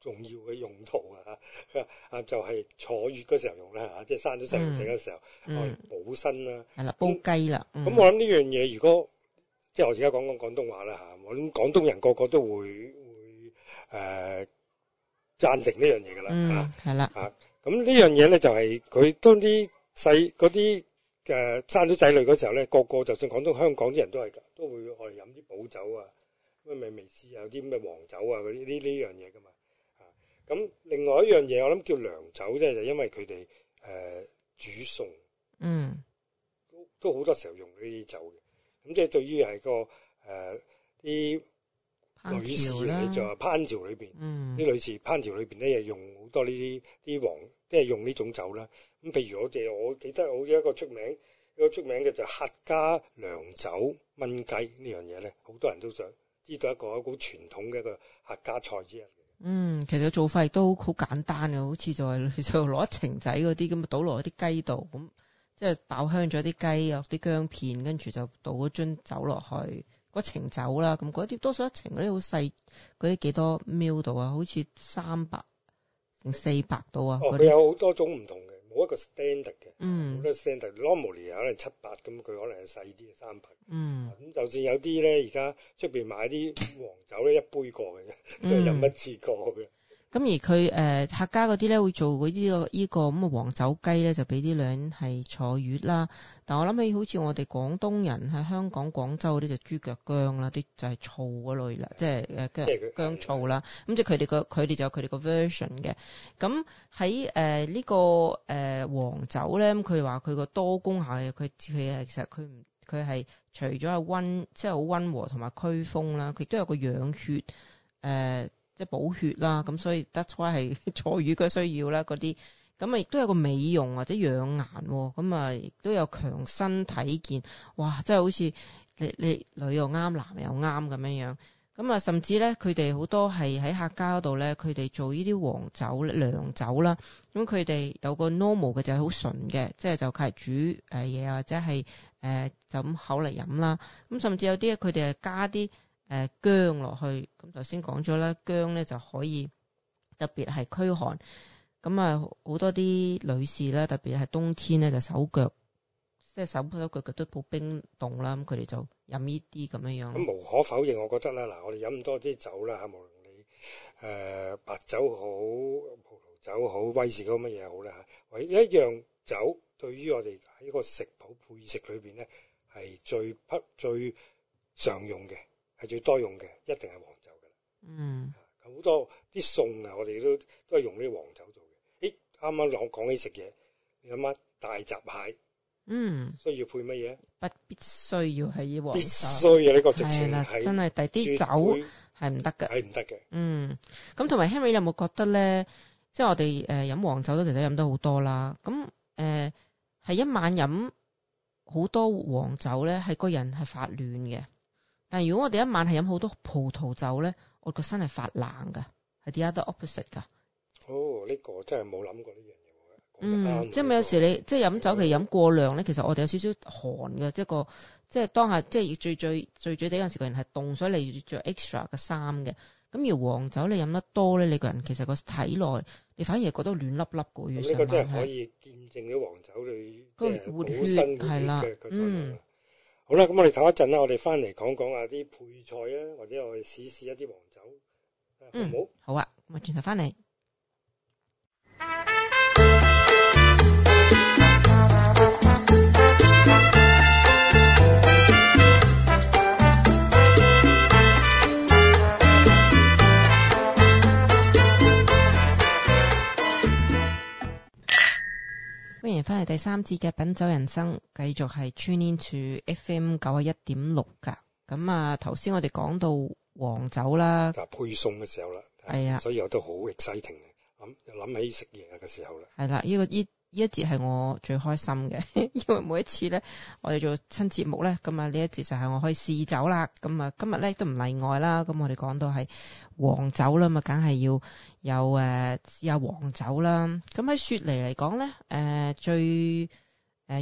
重要嘅用途啊嚇，啊就係、是、坐月嗰時候用啦，嚇，即係生咗細路仔嗰時候，愛、啊就是嗯、補身啦，係啦、嗯、煲雞啦。咁我諗呢樣嘢，如果即係我而家講講廣東話啦嚇，我、啊、諗廣東人個個都會會誒、呃、贊成樣樣呢樣嘢㗎啦嚇，啦、就、嚇、是。咁呢樣嘢咧就係佢當啲細嗰啲誒生咗仔女嗰時候咧，個個就算廣東香港啲人都係都會愛飲啲補酒啊。咩咪味思啊？有啲咩黃酒啊？嗰啲呢呢樣嘢㗎嘛啊咁。另外一樣嘢，我諗叫娘酒咧，就係、因為佢哋誒煮餸，嗯，都好多時候用呢啲酒嘅。咁即係對於係個誒啲、呃、女士咧，就話烹調裏邊，嗯，啲、嗯、女士烹調裏邊咧，又用好多呢啲啲黃，即係用呢種酒啦。咁譬如我哋，我記得好似一個出名一個出名嘅就客家娘酒炆雞呢樣嘢咧，好多人都想。呢度一個好傳統嘅一個客家菜之一。嗯，其實做法亦都好簡單嘅，好似就係就攞一埕仔嗰啲咁，倒落一啲雞度咁、嗯，即係爆香咗啲雞啊，啲薑片，跟住就倒樽酒落去嗰埕酒啦。咁嗰啲多數一埕嗰啲好細嗰啲幾多 ml 度啊？好似三百定四百度啊？哦，佢些有好多種唔同嘅。冇一個 standard 嘅，嗯，冇個 standard，嗯 normally 可能七八咁，佢可能係細啲嘅三百。嗯，咁就算有啲咧，而家出邊買啲黃酒咧，一杯過嘅啫，即係飲一次過嘅。嗯咁而佢誒、呃、客家嗰啲咧，會做嗰、這、啲個依、這個咁啊、這個、黃酒雞咧，就俾啲女人係坐月啦。但我諗起好似我哋廣東人喺香港、廣州嗰啲就豬腳薑啦，啲就係、是、醋嗰類、就是呃、醋啦，嗯、即係誒姜姜燥啦。咁即係佢哋個佢哋就有佢哋個 version 嘅。咁喺誒呢個誒黃酒咧，佢話佢個多功效嘅，佢佢其實佢唔佢係除咗係温，即係好温和同埋驅風啦，佢亦都有個養血誒。呃即係補血啦，咁所以得菜係坐魚骨需要啦，嗰啲咁啊，亦都有個美容或者養顏，咁啊亦都有強身體健，哇！真係好似你你女又啱，男又啱咁樣樣，咁啊甚至咧佢哋好多係喺客家嗰度咧，佢哋做呢啲黃酒、涼酒啦，咁佢哋有個 normal 嘅就係、是、好純嘅，即係就係、是、煮誒嘢或者係誒、呃、就咁口嚟飲啦，咁甚至有啲佢哋係加啲。誒，薑落、呃、去咁，頭先講咗啦。薑咧就可以特別係驅寒。咁、嗯、啊，好多啲女士咧，特別係冬天咧，就手腳即係手手腳腳都好冰凍啦。咁佢哋就飲呢啲咁樣樣。咁無可否認我，我覺得啦，嗱，我哋飲多啲酒啦吓，無論你誒、呃、白酒好、葡萄酒好、威士忌乜嘢好啦吓，唯一,一樣酒對於我哋喺個食譜配食裏邊咧係最匹最常用嘅，係最多用嘅，一定係黃酒嘅。嗯，好多啲餸啊，我哋都都係用呢啲黃酒做嘅。誒，啱啱講講起食嘢，你諗下大閘蟹，嗯，需要配乜嘢？不，必須要係黃酒。必須啊！呢、個直情係，真係第啲酒係唔得嘅，係唔得嘅。嗯，咁同埋 Henry 有冇覺得咧，即係我哋誒飲黃酒都其實飲得好多啦。咁誒，係、呃、一晚飲好多黃酒咧，係個人係發暖嘅。但係如果我哋一晚係飲好多葡萄酒咧，我個身係發冷嘅，係點解都 opposite 㗎。哦，呢個真係冇諗過呢樣嘢。嗯，即係咪有時你即係飲酒，其實飲過量咧，其實我哋有少少寒嘅，即係個即係當下即係最最最最底嗰陣時，個人係凍，所以你要着 extra 嘅衫嘅。咁而黃酒你飲得多咧，你個人其實個體內你反而係覺得暖粒粒嘅。呢個真係可以見證啲黃酒你嘅活血係啦，好啦，咁我哋唞一陣啦，我哋翻嚟講講下啲配菜啊，或者我哋試試一啲黃酒。嗯，好唔好？好啊，咁啊轉頭翻嚟。 歡迎翻嚟第三節嘅品酒人生，繼續係 tune into F.M. 九啊一點六噶。咁啊，頭先我哋講到黃酒啦，嗱，配送嘅時候啦，係啊，所以我都好 exciting 嘅。諗諗起食嘢嘅時候啦，係啦，啊、呢、這個呢。呢一節係我最開心嘅，因為每一次咧，我哋做親節目咧，咁啊呢一節就係我可以試酒啦。咁啊今日咧都唔例外啦。咁、嗯、我哋講到係黃酒啦，咁梗係要有誒、呃、有黃酒啦。咁喺雪梨嚟講咧，誒、呃、最誒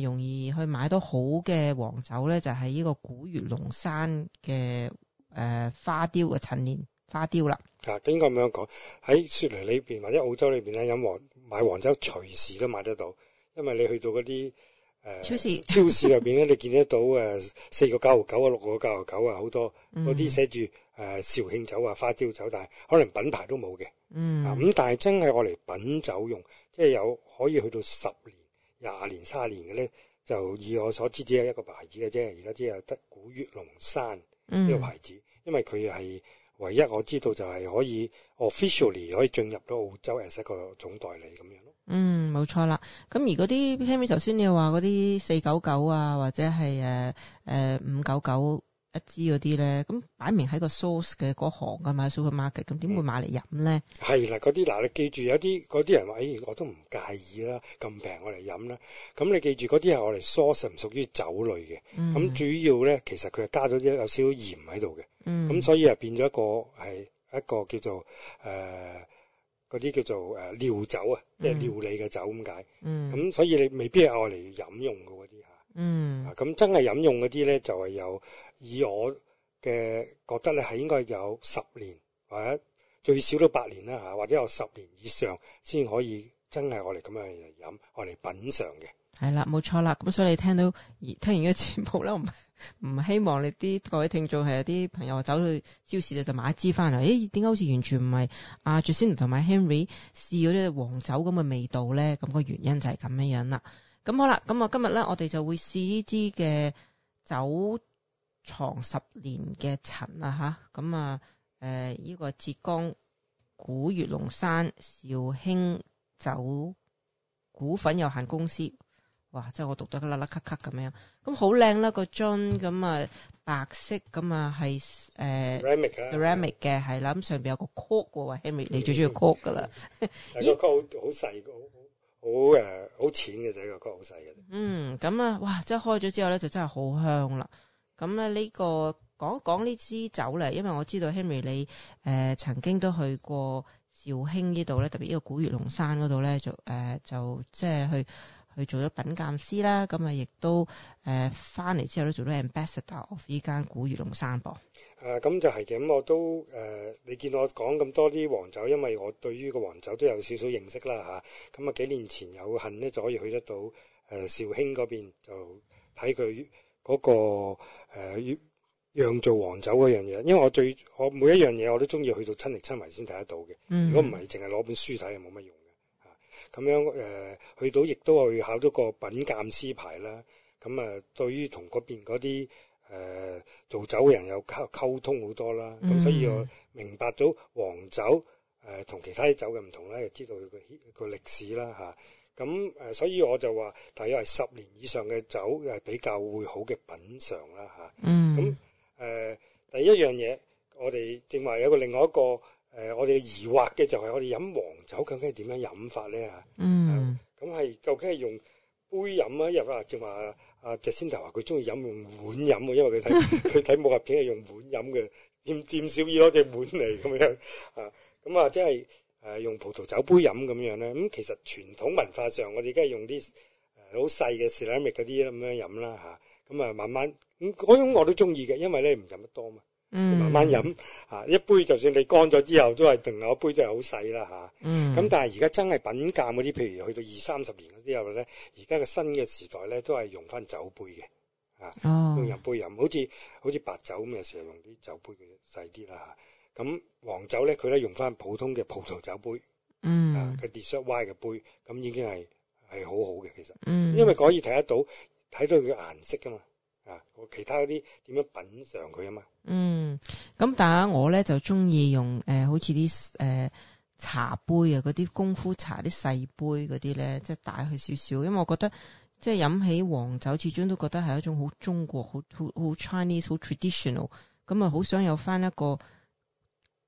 容易去買到好嘅黃酒咧，就係、是、呢個古越龍山嘅誒、呃、花雕嘅陳年花雕啦。啊，應該咁樣講，喺雪梨裏邊或者澳洲裏邊咧飲黃。買黃酒隨時都買得到，因為你去到嗰啲誒超市，超市入邊咧，你見得到誒四個九毫九啊，六個九毫九啊，好多嗰啲寫住誒紹興酒啊、花雕酒，但係可能品牌都冇嘅。嗯，咁、啊、但係真係我嚟品酒用，即係有可以去到十年、廿年、卅年嘅咧，就以我所知只係一個牌子嘅啫。而家只係得古越龍山呢個牌子，嗯、因為佢係。唯一我知道就係可以 officially 可以進入到澳洲 as 一個總代理咁樣咯。嗯，冇錯啦。咁而嗰啲 Henry 頭先你話嗰啲四九九啊，或者係誒誒五九九。呃呃一支嗰啲咧，咁擺明喺個 sauce 嘅嗰行㗎嘛，supermarket 咁點會買嚟飲咧？係啦，嗰啲嗱，你記住有啲嗰啲人話，咦、哎，我都唔介意啦，咁平我嚟飲啦。咁你記住嗰啲係我嚟 sauce，唔屬於酒類嘅。咁、嗯、主要咧，其實佢係加咗啲有少少鹽喺度嘅。咁、嗯、所以啊，變咗一個係一個叫做誒啲、呃、叫做誒呃、料酒啊，即係料理嘅酒咁解。咁、嗯嗯、所以你未必係愛嚟飲用嘅嗰啲嗯，咁、啊、真係飲用嗰啲咧，就係、是、有以我嘅覺得咧，係應該有十年或者最少都八年啦，嚇、啊，或者有十年以上先可以真係我哋咁樣嚟飲，我哋品嚐嘅。係啦、嗯，冇錯啦。咁所以你聽到聽完依全部啦，唔唔 希望你啲各位聽眾係有啲朋友走去超市咧就買一支翻嚟，咦、哎？點解好似完全唔係阿、啊、Jacinda 同埋 Henry 試嗰啲黃酒咁嘅味道咧？咁、那個原因就係咁樣樣啦。咁好啦，咁啊、嗯、今日咧，我哋就會試呢支嘅酒藏十年嘅陳啦吓，咁啊誒呢個浙江古越龍山紹興酒股份有限公司，哇！真係我讀得甩甩咳咳咁樣，咁好靚啦個樽，咁啊白色，咁啊係誒 ceramic 嘅，係啦，咁上邊有個 cork 喎，Henry，你最中意 cork 噶啦，依個 cork 好細個。好誒，好淺嘅就係個好細嘅。 嗯，咁啊，哇！即係開咗之後咧，就真係好香啦。咁咧呢個講一講呢支酒咧，因為我知道 Henry 你誒、呃、曾經都去過紹興呢度咧，特別呢個古越龍山嗰度咧，就誒、呃、就即係去。佢做咗品鑒師啦，咁啊亦都誒翻嚟之後都做到 ambassador 依間古越龍山噃。誒咁、呃、就係嘅，咁，我都誒、呃、你見我講咁多啲黃酒，因為我對於個黃酒都有少少認識啦吓，咁啊，幾年前有幸咧，就可以去得到誒紹、呃、興嗰邊就睇佢、嗰個誒釀、呃、釀做黃酒嗰樣嘢。因為我最我每一樣嘢我都中意去到親力親為先睇得到嘅。嗯。如果唔係淨係攞本書睇，冇乜用。咁樣誒、呃，去到亦都去考咗個品鑒師牌啦。咁啊，對於同嗰邊嗰啲誒做酒嘅人又溝溝通好多啦。咁所以我明白咗黃酒誒同、呃、其他啲酒嘅唔同啦，就知道佢個個歷史啦吓。咁、啊、誒、啊，所以我就話大約係十年以上嘅酒係比較會好嘅品嘗啦吓。啊、嗯。咁、呃、誒，第一樣嘢我哋正話有個另外一個。誒、呃，我哋疑惑嘅就係我哋飲黃酒究竟係點樣法呢、mm. 啊、飲法咧嚇？嗯，咁係究竟係用杯飲啊？又話淨話阿石先頭話佢中意飲用碗飲嘅，因為佢睇佢睇武俠片係用碗飲嘅，店店小二攞隻碗嚟咁樣嚇。咁啊，即係誒用葡萄酒杯飲咁樣咧。咁、嗯、其實傳統文化上我，我哋梗家用梗係用啲好細嘅 shot glass 嗰啲咁樣飲啦嚇。咁啊、嗯，慢慢咁嗰種、嗯、我都中意嘅，因為咧唔飲得多嘛。嗯、慢慢飲吓，一杯就算你乾咗之後，都係另外一杯都係好細啦吓。嗯，咁但係而家真係品鑒嗰啲，譬如去到二三十年之後咧，而家嘅新嘅時代咧，都係用翻酒杯嘅吓，哦、用飲杯飲，好似好似白酒咁，有時候用啲酒杯嘅細啲啦吓。咁、啊嗯、黃酒咧，佢咧用翻普通嘅葡萄酒杯，嗯、啊，嘅 dessert wine 嘅杯，咁已經係係好好嘅其實，因為可以睇得到睇到佢嘅顏色噶嘛。啊！其他嗰啲點樣品嚐佢啊嘛？嗯，咁但係我咧就中意用誒、呃，好似啲誒茶杯啊，嗰啲功夫茶啲細杯嗰啲咧，即係打佢少少，因為我覺得即係飲起黃酒，始終都覺得係一種好中國、好好好 Chinese、好 traditional，咁啊，好、嗯、想有翻一個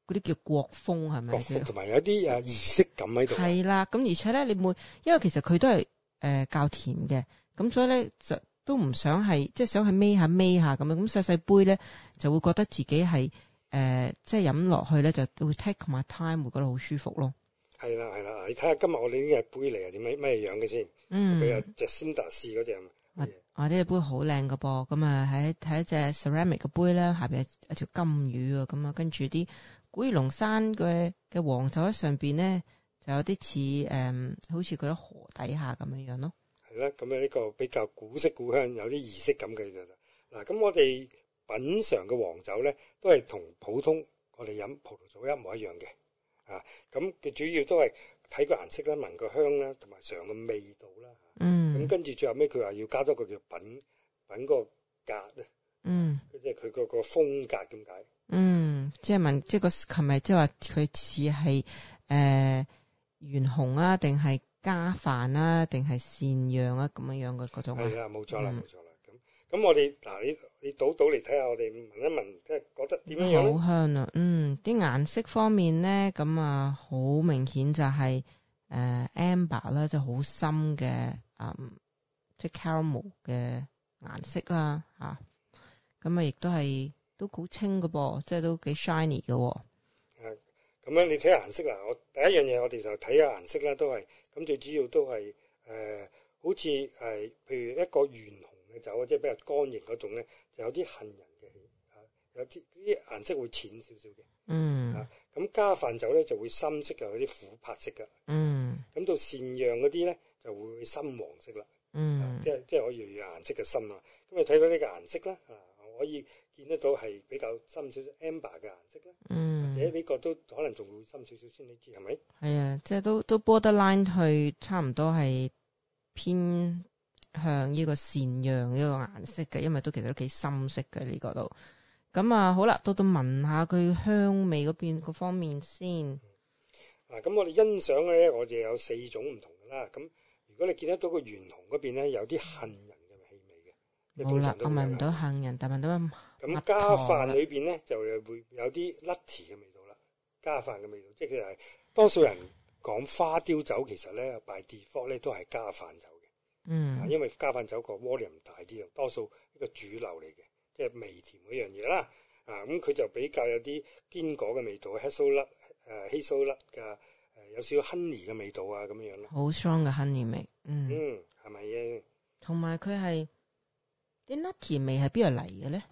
嗰啲叫國風係咪？國風同埋有啲誒儀式感喺度。係啦，咁而且咧，你會因為其實佢都係誒較甜嘅，咁所以咧就。都唔想係，即、就、係、是、想係抿下抿下咁樣，咁細細杯咧就會覺得自己係誒，即係飲落去咧就會 take my time，會覺得好舒服咯。係啦係啦，你睇下今日我哋呢隻、嗯、杯嚟係點咩咩樣嘅先？嗯，譬如隻仙達士嗰隻。哇！呢隻杯好靚嘅噃，咁啊喺睇一隻 ceramic 嘅杯咧，下邊有一條金魚啊，咁、嗯、啊跟住啲古越龍山嘅嘅黃酒喺上邊咧，就有啲似誒，好似佢喺河底下咁樣樣咯。係啦，咁啊呢個比較古色古香，有啲儀式感嘅就，嗱咁我哋品嚐嘅黃酒咧，都係同普通我哋飲葡萄酒一模一樣嘅，啊咁佢主要都係睇個顏色啦、聞個香啦、同埋嘗個味道啦。嗯。咁跟住最後尾，佢話要加多個叫品品個格咧。嗯。即係佢個個風格噉解？嗯，即係問即係個琴日即係話佢似係誒元紅啊，定係？加飯啊，定係善釀啊，咁樣樣嘅嗰種，係啦，冇錯啦，冇錯啦。咁咁我哋嗱，你你倒倒嚟，睇下，我哋聞一聞，即係覺得點樣？好香啊，嗯，啲顏色方面咧，咁啊，好明顯就係誒 amber 啦，就好深嘅，嗯，即係 caramel 嘅顏色啦，吓，咁啊，亦都係都好清噶噃，即係都幾 shiny 噶。咁樣你睇下顏色啦，我第一樣嘢我哋就睇下顏色啦，都係咁最主要都係誒、呃，好似誒、呃，譬如一個元紅嘅酒啊，即係比較乾型嗰種咧，就有啲杏仁嘅氣，有啲啲顏色會淺少少嘅，嗯、啊，咁加飯酒咧就會深色嘅，有啲琥珀色嘅，嗯，咁到善釀嗰啲咧就會深黃色啦，嗯，即係即係可以睇到顏色嘅深啦，咁你睇到呢個顏色啦，嚇、啊，可以見得到係比較深少少 amber 嘅顏色啦。啊、嗯。誒呢、欸這個都可能仲會深少少先，你知係咪？係啊，即係都都 borderline 去，差唔多係偏向呢個善釀呢個顏色嘅，因為都其實都幾深色嘅呢、這個度。咁啊，好啦，到到聞下佢香味嗰邊嗰方面先。嗱、嗯，咁、啊、我哋欣賞咧，我哋有四種唔同啦。咁如果你見得到個元紅嗰邊咧，有啲杏仁嘅氣味嘅。你冇啦，我聞唔到杏仁，但聞到乜？咁、嗯、加飯裏邊咧，就會有啲 nutty 嘅味道啦，加飯嘅味道。即係其實係多數人講花雕酒，其實咧，by default 咧都係加飯酒嘅。嗯，因為加飯酒個 volume 大啲啊，多數一個主流嚟嘅，即係微甜嗰樣嘢啦。啊，咁、嗯、佢就比較有啲堅果嘅味道，Hazelnut，誒，Hazelnut 嘅，有少少 honey 嘅味道啊，咁樣樣咯。好 strong 嘅 honey 味。嗯。嗯，係咪啊？同埋佢係啲 nutty 味係邊度嚟嘅咧？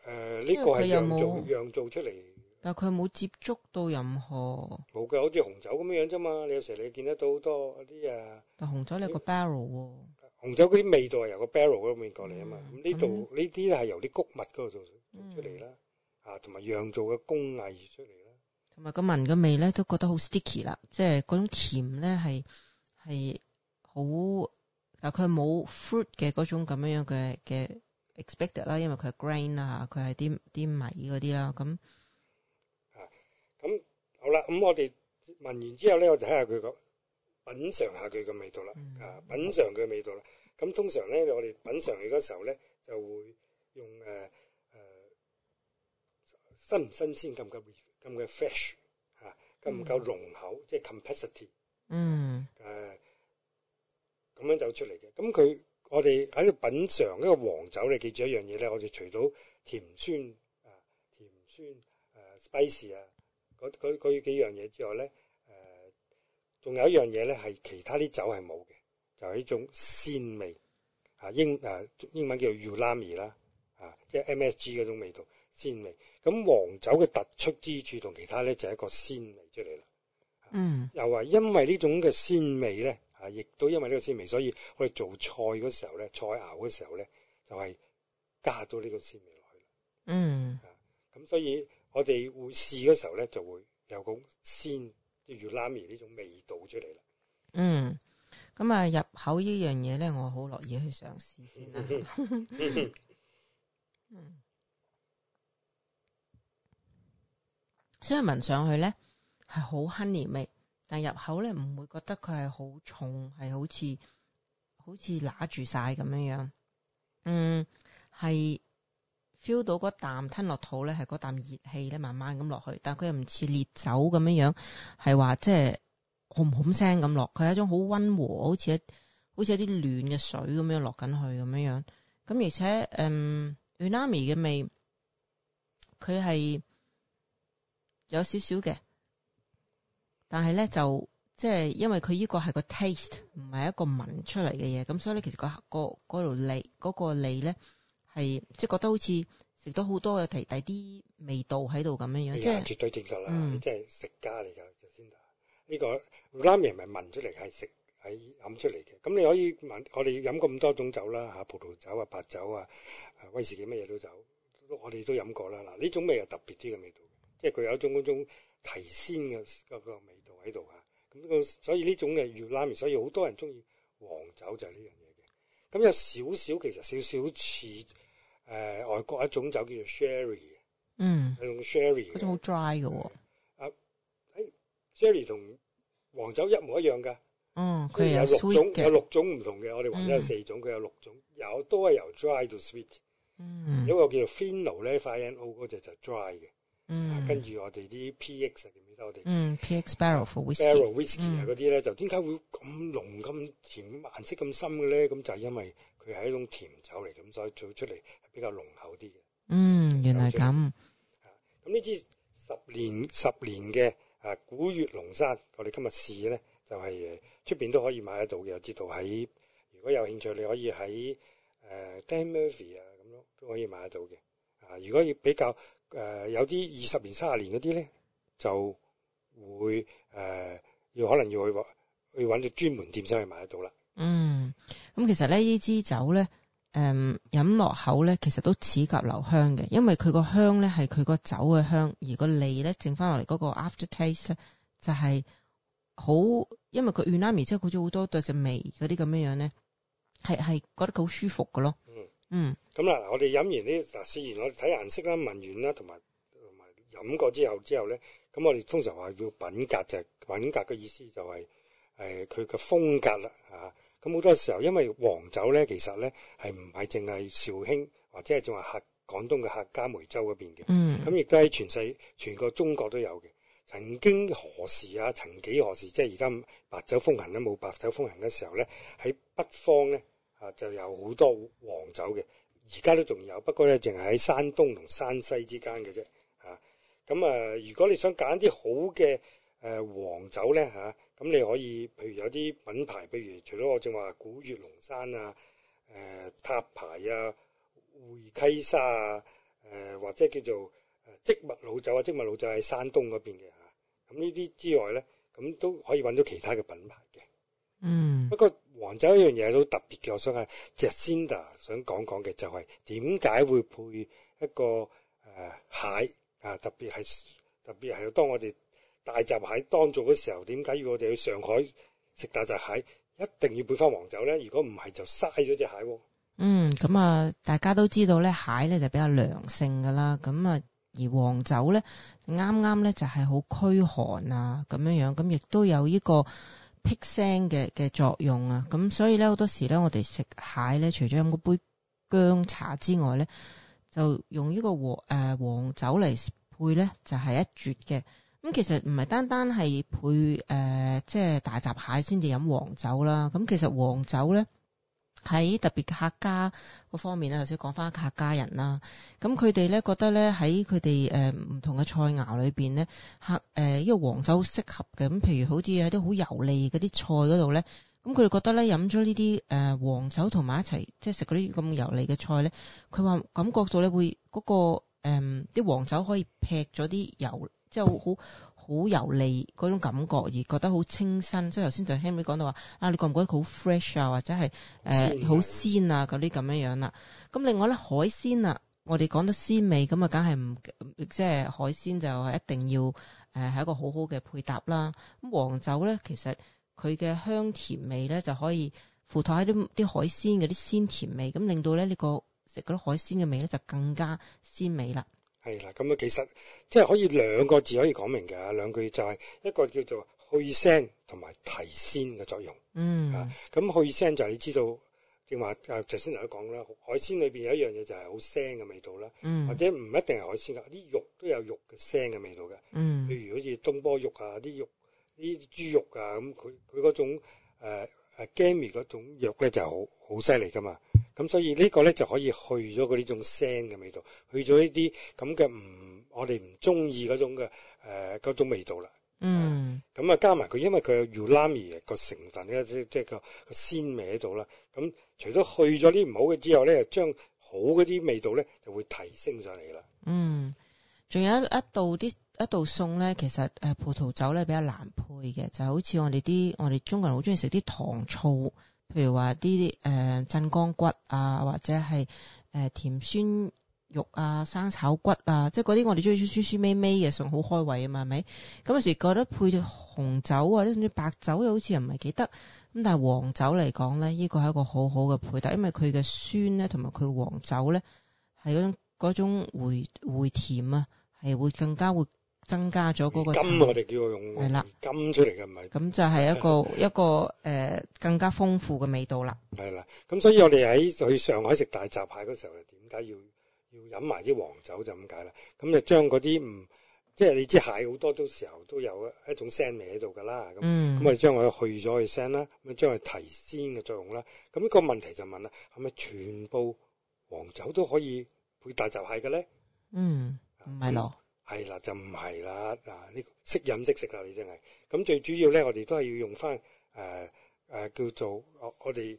誒呢、呃這個係釀、釀造出嚟，但係佢冇接觸到任何冇㗎，好似紅酒咁樣樣啫嘛。你有時你見得到好多啲啊，但紅酒你有個 barrel 喎、哦，紅酒嗰啲味道係由個 barrel 嗰邊過嚟啊嘛。咁呢度呢啲係由啲谷物嗰度做出嚟啦，嚇同埋釀造嘅工藝出嚟啦。同埋個聞嘅味咧，都覺得好 sticky 啦，即係嗰種甜咧係係好，但佢冇 fruit 嘅嗰種咁樣樣嘅嘅。expected 啦，因為佢係 grain 啊，佢係啲啲米嗰啲啦，咁啊那，咁、嗯、好啦，咁、嗯、我哋聞完之後咧，我就睇下佢個品嚐下佢個味道啦，嗯、啊，品嚐佢味道啦，咁通常咧，我哋品嚐佢嗰時候咧，就會用誒誒、呃呃、新唔新鮮，夠唔夠嘅 fresh 嚇、啊，夠唔夠濃厚，即係 capacity，嗯，誒咁、嗯啊、樣走出嚟嘅，咁佢。我哋喺度品嚐呢個黃酒，你記住一樣嘢咧，我哋除咗甜酸啊、甜酸誒、spicy 啊嗰嗰、啊、幾樣嘢之外咧，誒、啊、仲有一樣嘢咧，係其他啲酒係冇嘅，就係、是、呢種鮮味啊英誒、啊、英文叫 umami 啦啊，即係 M S G 嗰種味道鮮味。咁黃酒嘅突出之處同其他咧就係、是、一個鮮味出嚟啦。啊、嗯。又話因為呢種嘅鮮味咧。啊！亦都因為呢個鮮味，所以我哋做菜嗰時候咧，菜熬嘅時候咧，就係、是、加到呢個鮮味落去。嗯。咁、啊、所以我哋會試嗰時候咧，就會有個鮮即係魚腩呢種味道出嚟啦。嗯，咁啊，入口呢樣嘢咧，我好樂意去嘗試先啦。嗯，所以聞上去咧係好 honey 味。但入口咧，唔會覺得佢係好重，係好似好似拿住晒咁樣樣。嗯，係 feel 到嗰啖吞落肚咧，係嗰啖熱氣咧，慢慢咁落去。但佢又唔似烈酒咁樣樣，係話即係轟轟聲咁落。佢係一種好溫和，好似一好似一啲暖嘅水咁樣落緊去咁樣樣。咁而且，嗯，umami 嘅味佢係有少少嘅。但係咧，就即係因為佢依個係個 taste，唔係一個聞出嚟嘅嘢，咁、嗯、所以咧，其實、那個、那個嗰度脷嗰個脷咧係即係覺得好似食到好多嘅提第啲味道喺度咁樣樣，嗯、即係是絕對正確啦。即係、嗯、食家嚟就就先得。呢、這個拉麵唔係聞出嚟，係食係飲出嚟嘅。咁你可以聞，我哋飲咁多種酒啦，嚇，葡萄酒啊、白酒啊、威士忌乜嘢都酒，我哋都飲過啦。嗱，呢種味又特別啲嘅味道，即係佢有一種嗰種。提鮮嘅個味道喺度啊，咁、嗯、個所以呢種嘅越南，所以好多人中意黃酒就係呢樣嘢嘅，咁有少少其實少少似誒外國一種酒叫做 sherry，嗯，係用 sherry，嗰種好 dry 嘅，啊、哦，誒 sherry、嗯 uh, 同黃酒一模一樣噶，嗯，佢有六種，有六種唔同嘅，我哋黃酒有四種，佢有六種，有都係由 dry 到 sweet，嗯，有一個叫做 fino 咧，fino 嗰隻就 dry 嘅。跟住我哋啲 PX 啊，我哋、啊、嗯 PX barrel whisky barrel whisky 啊嗰啲咧，就點解會咁濃咁甜，顏色咁深嘅咧？咁就係因為佢係一種甜酒嚟，咁所以做出嚟比較濃厚啲嘅。嗯，原來咁。咁呢支十年十年嘅啊古越龍山，我哋今日試咧，就係出邊都可以買得到嘅，我知道喺如果有興趣，你可以喺誒 Dan Murphy 啊咁咯都可以買得到嘅。啊，如果要比較。誒、呃、有啲二十年、三十年嗰啲咧，就會誒、呃、要可能要去揾去揾啲專門店先去買得到啦。嗯，咁、嗯、其實咧呢支酒咧，誒飲落口咧，其實都齒頰留香嘅，因為佢個香咧係佢個酒嘅香，而個味咧剩翻落嚟嗰個 after taste 咧就係、是、好，因為佢 umami 即係好似好多對陣味嗰啲咁樣樣咧，係係覺得好舒服嘅咯。嗯，咁啦、嗯，嗱，我哋飲完呢，嗱，試完我哋睇顏色啦，聞完啦，同埋同埋飲過之後之後咧，咁我哋通常話要品格就係，品格嘅意思就係、是，誒、呃，佢嘅風格啦，啊，咁好多時候因為黃酒咧，其實咧係唔係淨係紹興或者係仲係客廣東嘅客家梅州嗰邊嘅，嗯，咁亦都喺全世全個中國都有嘅，曾經何時啊？曾幾何時？即係而家白酒風行咧，冇白酒風行嘅時候咧，喺北方咧。啊，就有好多黃酒嘅，而家都仲有，不過咧，淨係喺山東同山西之間嘅啫。啊，咁啊，如果你想揀啲好嘅誒、呃、黃酒咧，嚇、啊，咁你可以，譬如有啲品牌，譬如除咗我正話古越龍山啊，誒、啊、塔牌啊，會稽山啊，誒、啊、或者叫做誒即墨老酒啊，即墨老酒喺山東嗰邊嘅嚇。咁呢啲之外咧，咁都可以揾到其他嘅品牌嘅。嗯，不過。黃酒呢樣嘢都特別嘅，我想係 Jacinda 想講講嘅，就係點解會配一個誒蟹啊？特別係特別係當我哋大閘蟹當造嘅時候，點解要我哋去上海食大閘蟹一定要配翻黃酒咧？如果唔係就嘥咗隻蟹，哦。嗯，咁啊，大家都知道咧，蟹咧就比較涼性噶啦，咁啊而黃酒咧，啱啱咧就係好驅寒啊，咁樣樣、啊，咁亦都有呢、這個。辟聲嘅嘅作用啊，咁所以咧好多時咧我哋食蟹咧，除咗飲杯薑茶之外咧，就用呢個黃誒、呃、黃酒嚟配咧，就係、是、一絕嘅。咁、嗯、其實唔係單單係配誒即係大閘蟹先至飲黃酒啦，咁、嗯、其實黃酒咧。喺特別客家個方面咧，頭先講返客家人啦，咁佢哋咧覺得咧喺佢哋誒唔同嘅菜餚裏邊咧，客誒因為黃酒適合嘅咁，譬如好似喺啲好油膩嗰啲菜嗰度咧，咁佢哋覺得咧飲咗呢啲誒黃酒同埋一齊，即係食嗰啲咁油膩嘅菜咧，佢話感覺到咧會嗰個誒啲黃酒可以劈咗啲油，即係好，好油膩嗰種感覺而覺得好清新，即係頭先就 Henry 講到話啊，你覺唔覺得佢好 fresh 啊，或者係誒好鮮啊嗰啲咁樣樣啦？咁另外咧，海鮮啊，我哋講得鮮味，咁啊梗係唔即係海鮮就係一定要誒係、呃、一個好好嘅配搭啦。咁黃酒咧，其實佢嘅香甜味咧就可以附托喺啲啲海鮮嗰啲鮮甜味，咁令到咧呢個食嗰啲海鮮嘅味咧就更加鮮美啦。係啦，咁啊，其實即係可以兩個字可以講明嘅，兩句就係一個叫做去腥同埋提鮮嘅作用。嗯，咁、啊、去腥就係你知道，正話啊頭先頭都講啦，海鮮裏邊有一樣嘢就係好腥嘅味道啦。嗯，或者唔一定係海鮮㗎，啲肉都有肉嘅腥嘅味道嘅。嗯，譬如好似東坡肉啊，啲肉啲豬肉啊，咁佢佢嗰種、呃誒 Gamy 嗰種肉咧就好好犀利噶嘛，咁所以個呢個咧就可以去咗佢呢種腥嘅味道，去咗呢啲咁嘅唔我哋唔中意嗰種嘅誒嗰種味道啦。嗯。咁啊、嗯、加埋佢，因為佢有 Umami 個成分咧，即、就、即、即係個鮮味喺度啦。咁除咗去咗啲唔好嘅之後咧，將好嗰啲味道咧就會提升上嚟啦。嗯，仲有一一道啲一道餸咧，其實誒葡萄酒咧比較難配嘅，就好似我哋啲我哋中國人好中意食啲糖醋，譬如話啲誒鎮江骨啊，或者係誒甜酸肉啊、生炒骨啊，即係嗰啲我哋中意酸酸味味嘅餸，好開胃啊嘛，係咪？咁有時覺得配隻紅酒啊，或者甚至白酒又好似又唔係幾得。咁但係黃酒嚟講咧，呢個係一個好好嘅配搭，因為佢嘅酸咧，同埋佢黃酒咧係嗰種回回甜啊，係會更加會。增加咗嗰個金，我哋叫佢用金出嚟嘅，唔係了。咁是就係一個 一個誒、呃，更加豐富嘅味道啦。係啦，咁所以我哋喺去上海食大閘蟹嗰時候，點解要要飲埋啲黃酒就咁解啦？咁就將嗰啲唔，即係你知蟹好多都時候都有一種腥味喺度㗎啦。咁咁我哋將佢去咗佢腥啦，咁啊將佢提鮮嘅作用啦。咁個問題就問啦，係咪全部黃酒都可以配大閘蟹嘅咧？嗯，唔係咯。係啦，就唔係啦嗱，呢個識飲識食啦，你真係。咁、啊、最主要咧，我哋都係要用翻誒誒叫做、啊、我哋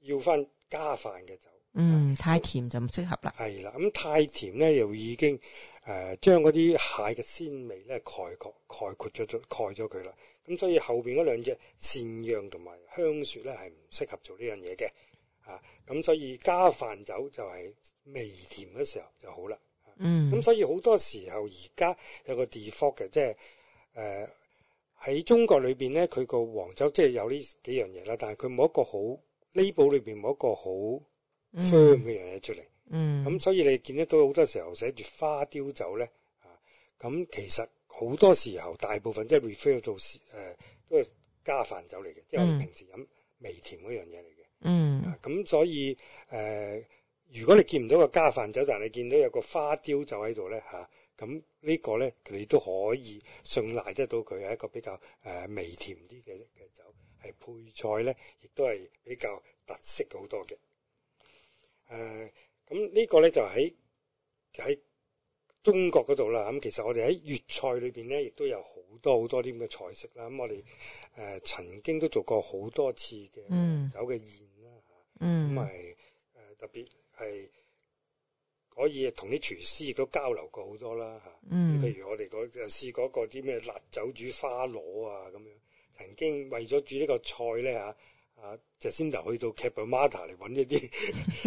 要翻加飯嘅酒。嗯，太甜就唔適合啦。係啦，咁太甜咧又已經誒將嗰啲蟹嘅鮮味咧概括概括咗咗蓋咗佢啦。咁、啊、所以後邊嗰兩隻善釀同埋香雪咧係唔適合做呢樣嘢嘅。啊，咁、啊、所以加飯酒就係微甜嘅時候就好啦。嗯，咁、嗯、所以好多時候而家有個 default 嘅，即係誒喺中國裏邊咧，佢個黃酒即係有呢幾樣嘢啦，但係佢冇一個好 label 裏邊冇一個好 firm 嘅樣嘢出嚟、嗯。嗯，咁、嗯、所以你見得到好多時候寫住花雕酒咧，啊，咁其實好多時候大部分即係 refill 到誒、呃、都係加飯酒嚟嘅，嗯、即係我哋平時飲微甜嗰樣嘢嚟嘅。嗯，咁、嗯啊、所以誒。呃如果你見唔到個加飯酒，但係你見到有個花雕酒喺度咧嚇，咁、啊、呢個咧你都可以信賴得到佢係一個比較誒、呃、微甜啲嘅嘅酒，係配菜咧亦都係比較特色好多嘅。誒、呃，咁呢個咧就喺喺中國嗰度啦。咁、嗯、其實我哋喺粵菜裏邊咧，亦都有好多好多啲咁嘅菜式啦。咁、嗯嗯、我哋誒、呃、曾經都做過好多次嘅酒嘅宴啦，咁咪誒特別。係可以同啲廚師亦都交流過好多啦嚇。譬、嗯、如我哋嗰試嗰個啲咩辣酒煮花螺啊咁樣，曾經為咗煮呢個菜咧嚇啊就 Jacinda 去到 Cabramatta 嚟揾一啲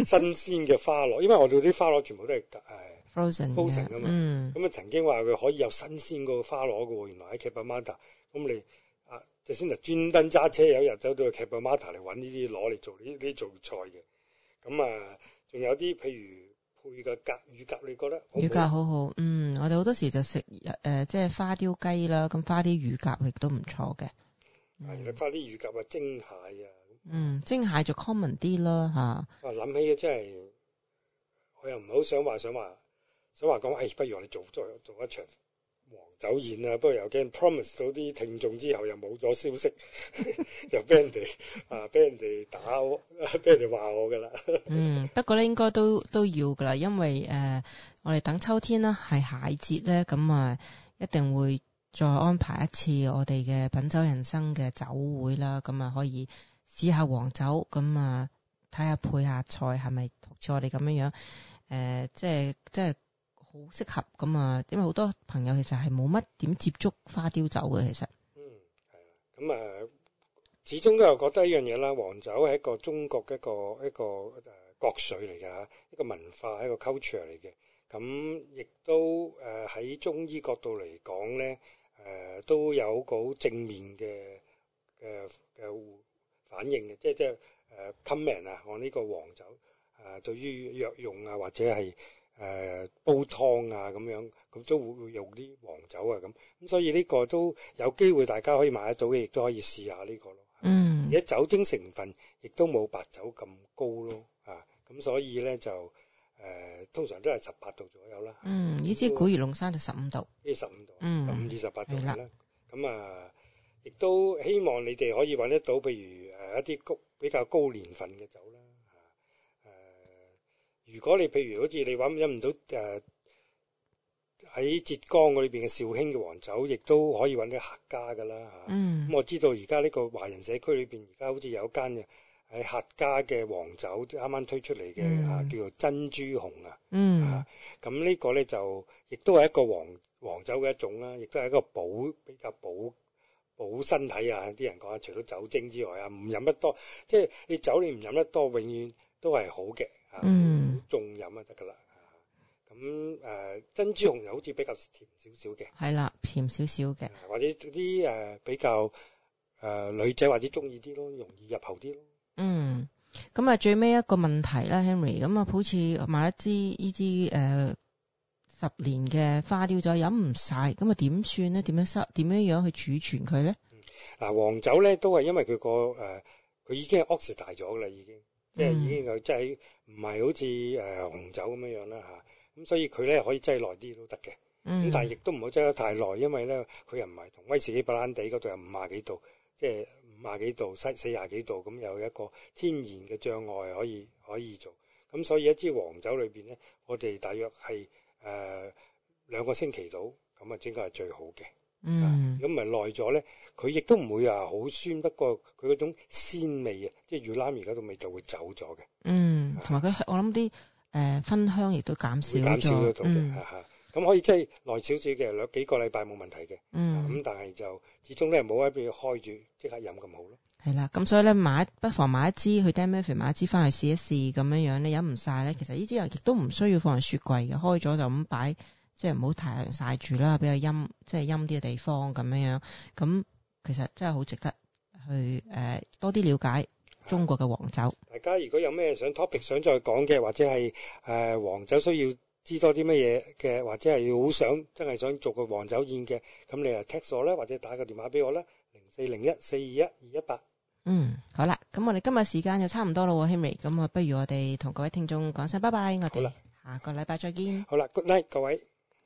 新鮮嘅花螺，因為我哋啲花螺全部都係誒 frozen frozen 啊嘛。咁啊，曾經話佢可以有新鮮個花螺嘅喎，原來喺 Cabramatta 咁，你啊就先 Jacinda 專登揸車有一日走到去 Cabramatta 嚟揾呢啲螺嚟做呢啲做菜嘅咁啊。仲有啲譬如配嘅乳鴿，乳鴿你覺得好好？乳鴿好好，嗯，我哋好多時就食誒、呃，即係花雕雞啦，咁花啲乳鴿亦都唔錯嘅。係、嗯，你、啊、花啲乳鴿啊，蒸蟹啊。嗯，蒸蟹就 common 啲咯，吓，啊，諗起真係，我又唔好想話，想話，想話講，哎，不如我哋做再做一場。黃酒宴啊，不過又驚 promise 到啲聽眾之後又冇咗消息， 又俾人哋啊，俾人哋打，俾人哋話我噶啦。嗯，不過咧應該都都要噶啦，因為誒、呃，我哋等秋天啦，係蟹節咧，咁、嗯、啊，一定會再安排一次我哋嘅品酒人生嘅酒會啦。咁、嗯、啊，可以試下黃酒，咁、嗯、啊，睇下配下菜係咪，好似我哋咁樣樣，誒、嗯，即係即係。好適合咁啊！因為好多朋友其實係冇乜點接觸花雕酒嘅，其實嗯係啊，咁、嗯、啊，始終都係覺得一樣嘢啦。黃酒係一個中國嘅一個一個誒、呃、國粹嚟㗎吓，一個文化一個 culture 嚟嘅。咁、嗯、亦都誒喺、呃、中醫角度嚟講咧，誒、呃、都有個好正面嘅誒嘅反應嘅，即係即係 c o m 誒襟命啊！我、這、呢個黃酒誒、呃、對於藥用啊或者係。誒、呃，煲湯啊，咁樣，咁都會會用啲黃酒啊，咁，咁所以呢個都有機會，大家可以買得到嘅，亦都可以試下呢個咯。嗯，而啲酒精成分亦都冇白酒咁高咯，啊，咁所以咧就誒、呃，通常都係十八度左右啦。嗯，呢支、嗯、都古越龍山就十五度。呢十五度。十五、嗯、至十八度啦。咁啊，亦都希望你哋可以揾得到，譬如誒一啲高比較高年份嘅酒啦。如果你譬如好似你揾飲唔到，誒喺、呃、浙江嗰裏邊嘅紹興嘅黃酒，亦都可以揾啲客家㗎啦嚇。咁、嗯嗯、我知道而家呢個華人社區裏邊，而家好似有一間嘅喺客家嘅黃酒啱啱推出嚟嘅嚇，叫做珍珠紅啊。嗯啊。咁呢個咧就亦都係一個黃黃酒嘅一種啦、啊，亦都係一個補比較補補身體啊！啲人講，除咗酒精之外啊，唔飲得多，即、就、係、是、你酒你唔飲得多，永遠。都係好嘅，啊、嗯，仲飲就啊得噶啦。咁、呃、誒珍珠紅又好似比較甜少少嘅，係啦，甜少少嘅，或者啲誒、呃、比較誒、呃、女仔或者中意啲咯，容易入喉啲咯。嗯，咁啊，最尾一個問題咧，Henry 咁啊，好似買一支呢支誒十年嘅花雕酒飲唔晒。咁啊點算咧？點樣收？點樣樣去儲存佢咧？嗱、嗯啊，黃酒咧都係因為佢個誒，佢、呃、已經係 oxidize 大咗啦，已經。即係已經有即係唔係好似誒、呃、紅酒咁樣樣啦吓，咁、啊，所以佢咧可以擠耐啲都得嘅。咁、嗯、但係亦都唔好擠得太耐，因為咧佢又唔係同威士忌、白蘭地嗰度有五廿幾度，即係五廿幾度、四四廿幾度咁有一個天然嘅障礙可以可以做。咁所以一支黃酒裏邊咧，我哋大約係誒、呃、兩個星期度咁啊，應該係最好嘅。嗯，如果耐咗咧，佢亦都唔會啊好酸，不過佢嗰種鮮味啊，即係如拉麵而家嗰種味道就會走咗嘅。嗯，同埋佢我諗啲誒芬香亦都減少咗。減少咗啲嘅，嚇嚇、嗯。咁、啊、可以即係耐少少嘅，兩幾個禮拜冇問題嘅。嗯，咁、啊、但係就始終咧冇喺邊開住，即刻飲咁好咯。係啦，咁所以咧買不妨買一支去 d e m e r 買一支翻去試一試咁樣樣咧，飲唔晒咧，其實呢支又亦都唔需要放喺雪櫃嘅，開咗就咁擺，即係唔好太陽晒住啦，比較陰，即係陰啲嘅地方咁樣樣。咁其實真係好值得去誒，多啲了解中國嘅黃酒。大家如果有咩想 topic 想再講嘅，或者係誒黃酒需要知多啲乜嘢嘅，或者係要好想真係想做個黃酒宴嘅，咁你啊 text 我啦，或者打個電話俾我啦，零四零一四二一二一八。嗯，好啦，咁我哋今日時間就差唔多啦，Henry。咁啊，不如我哋同各位聽眾講聲拜拜，我哋下個禮拜再見。好啦，Good night 各位。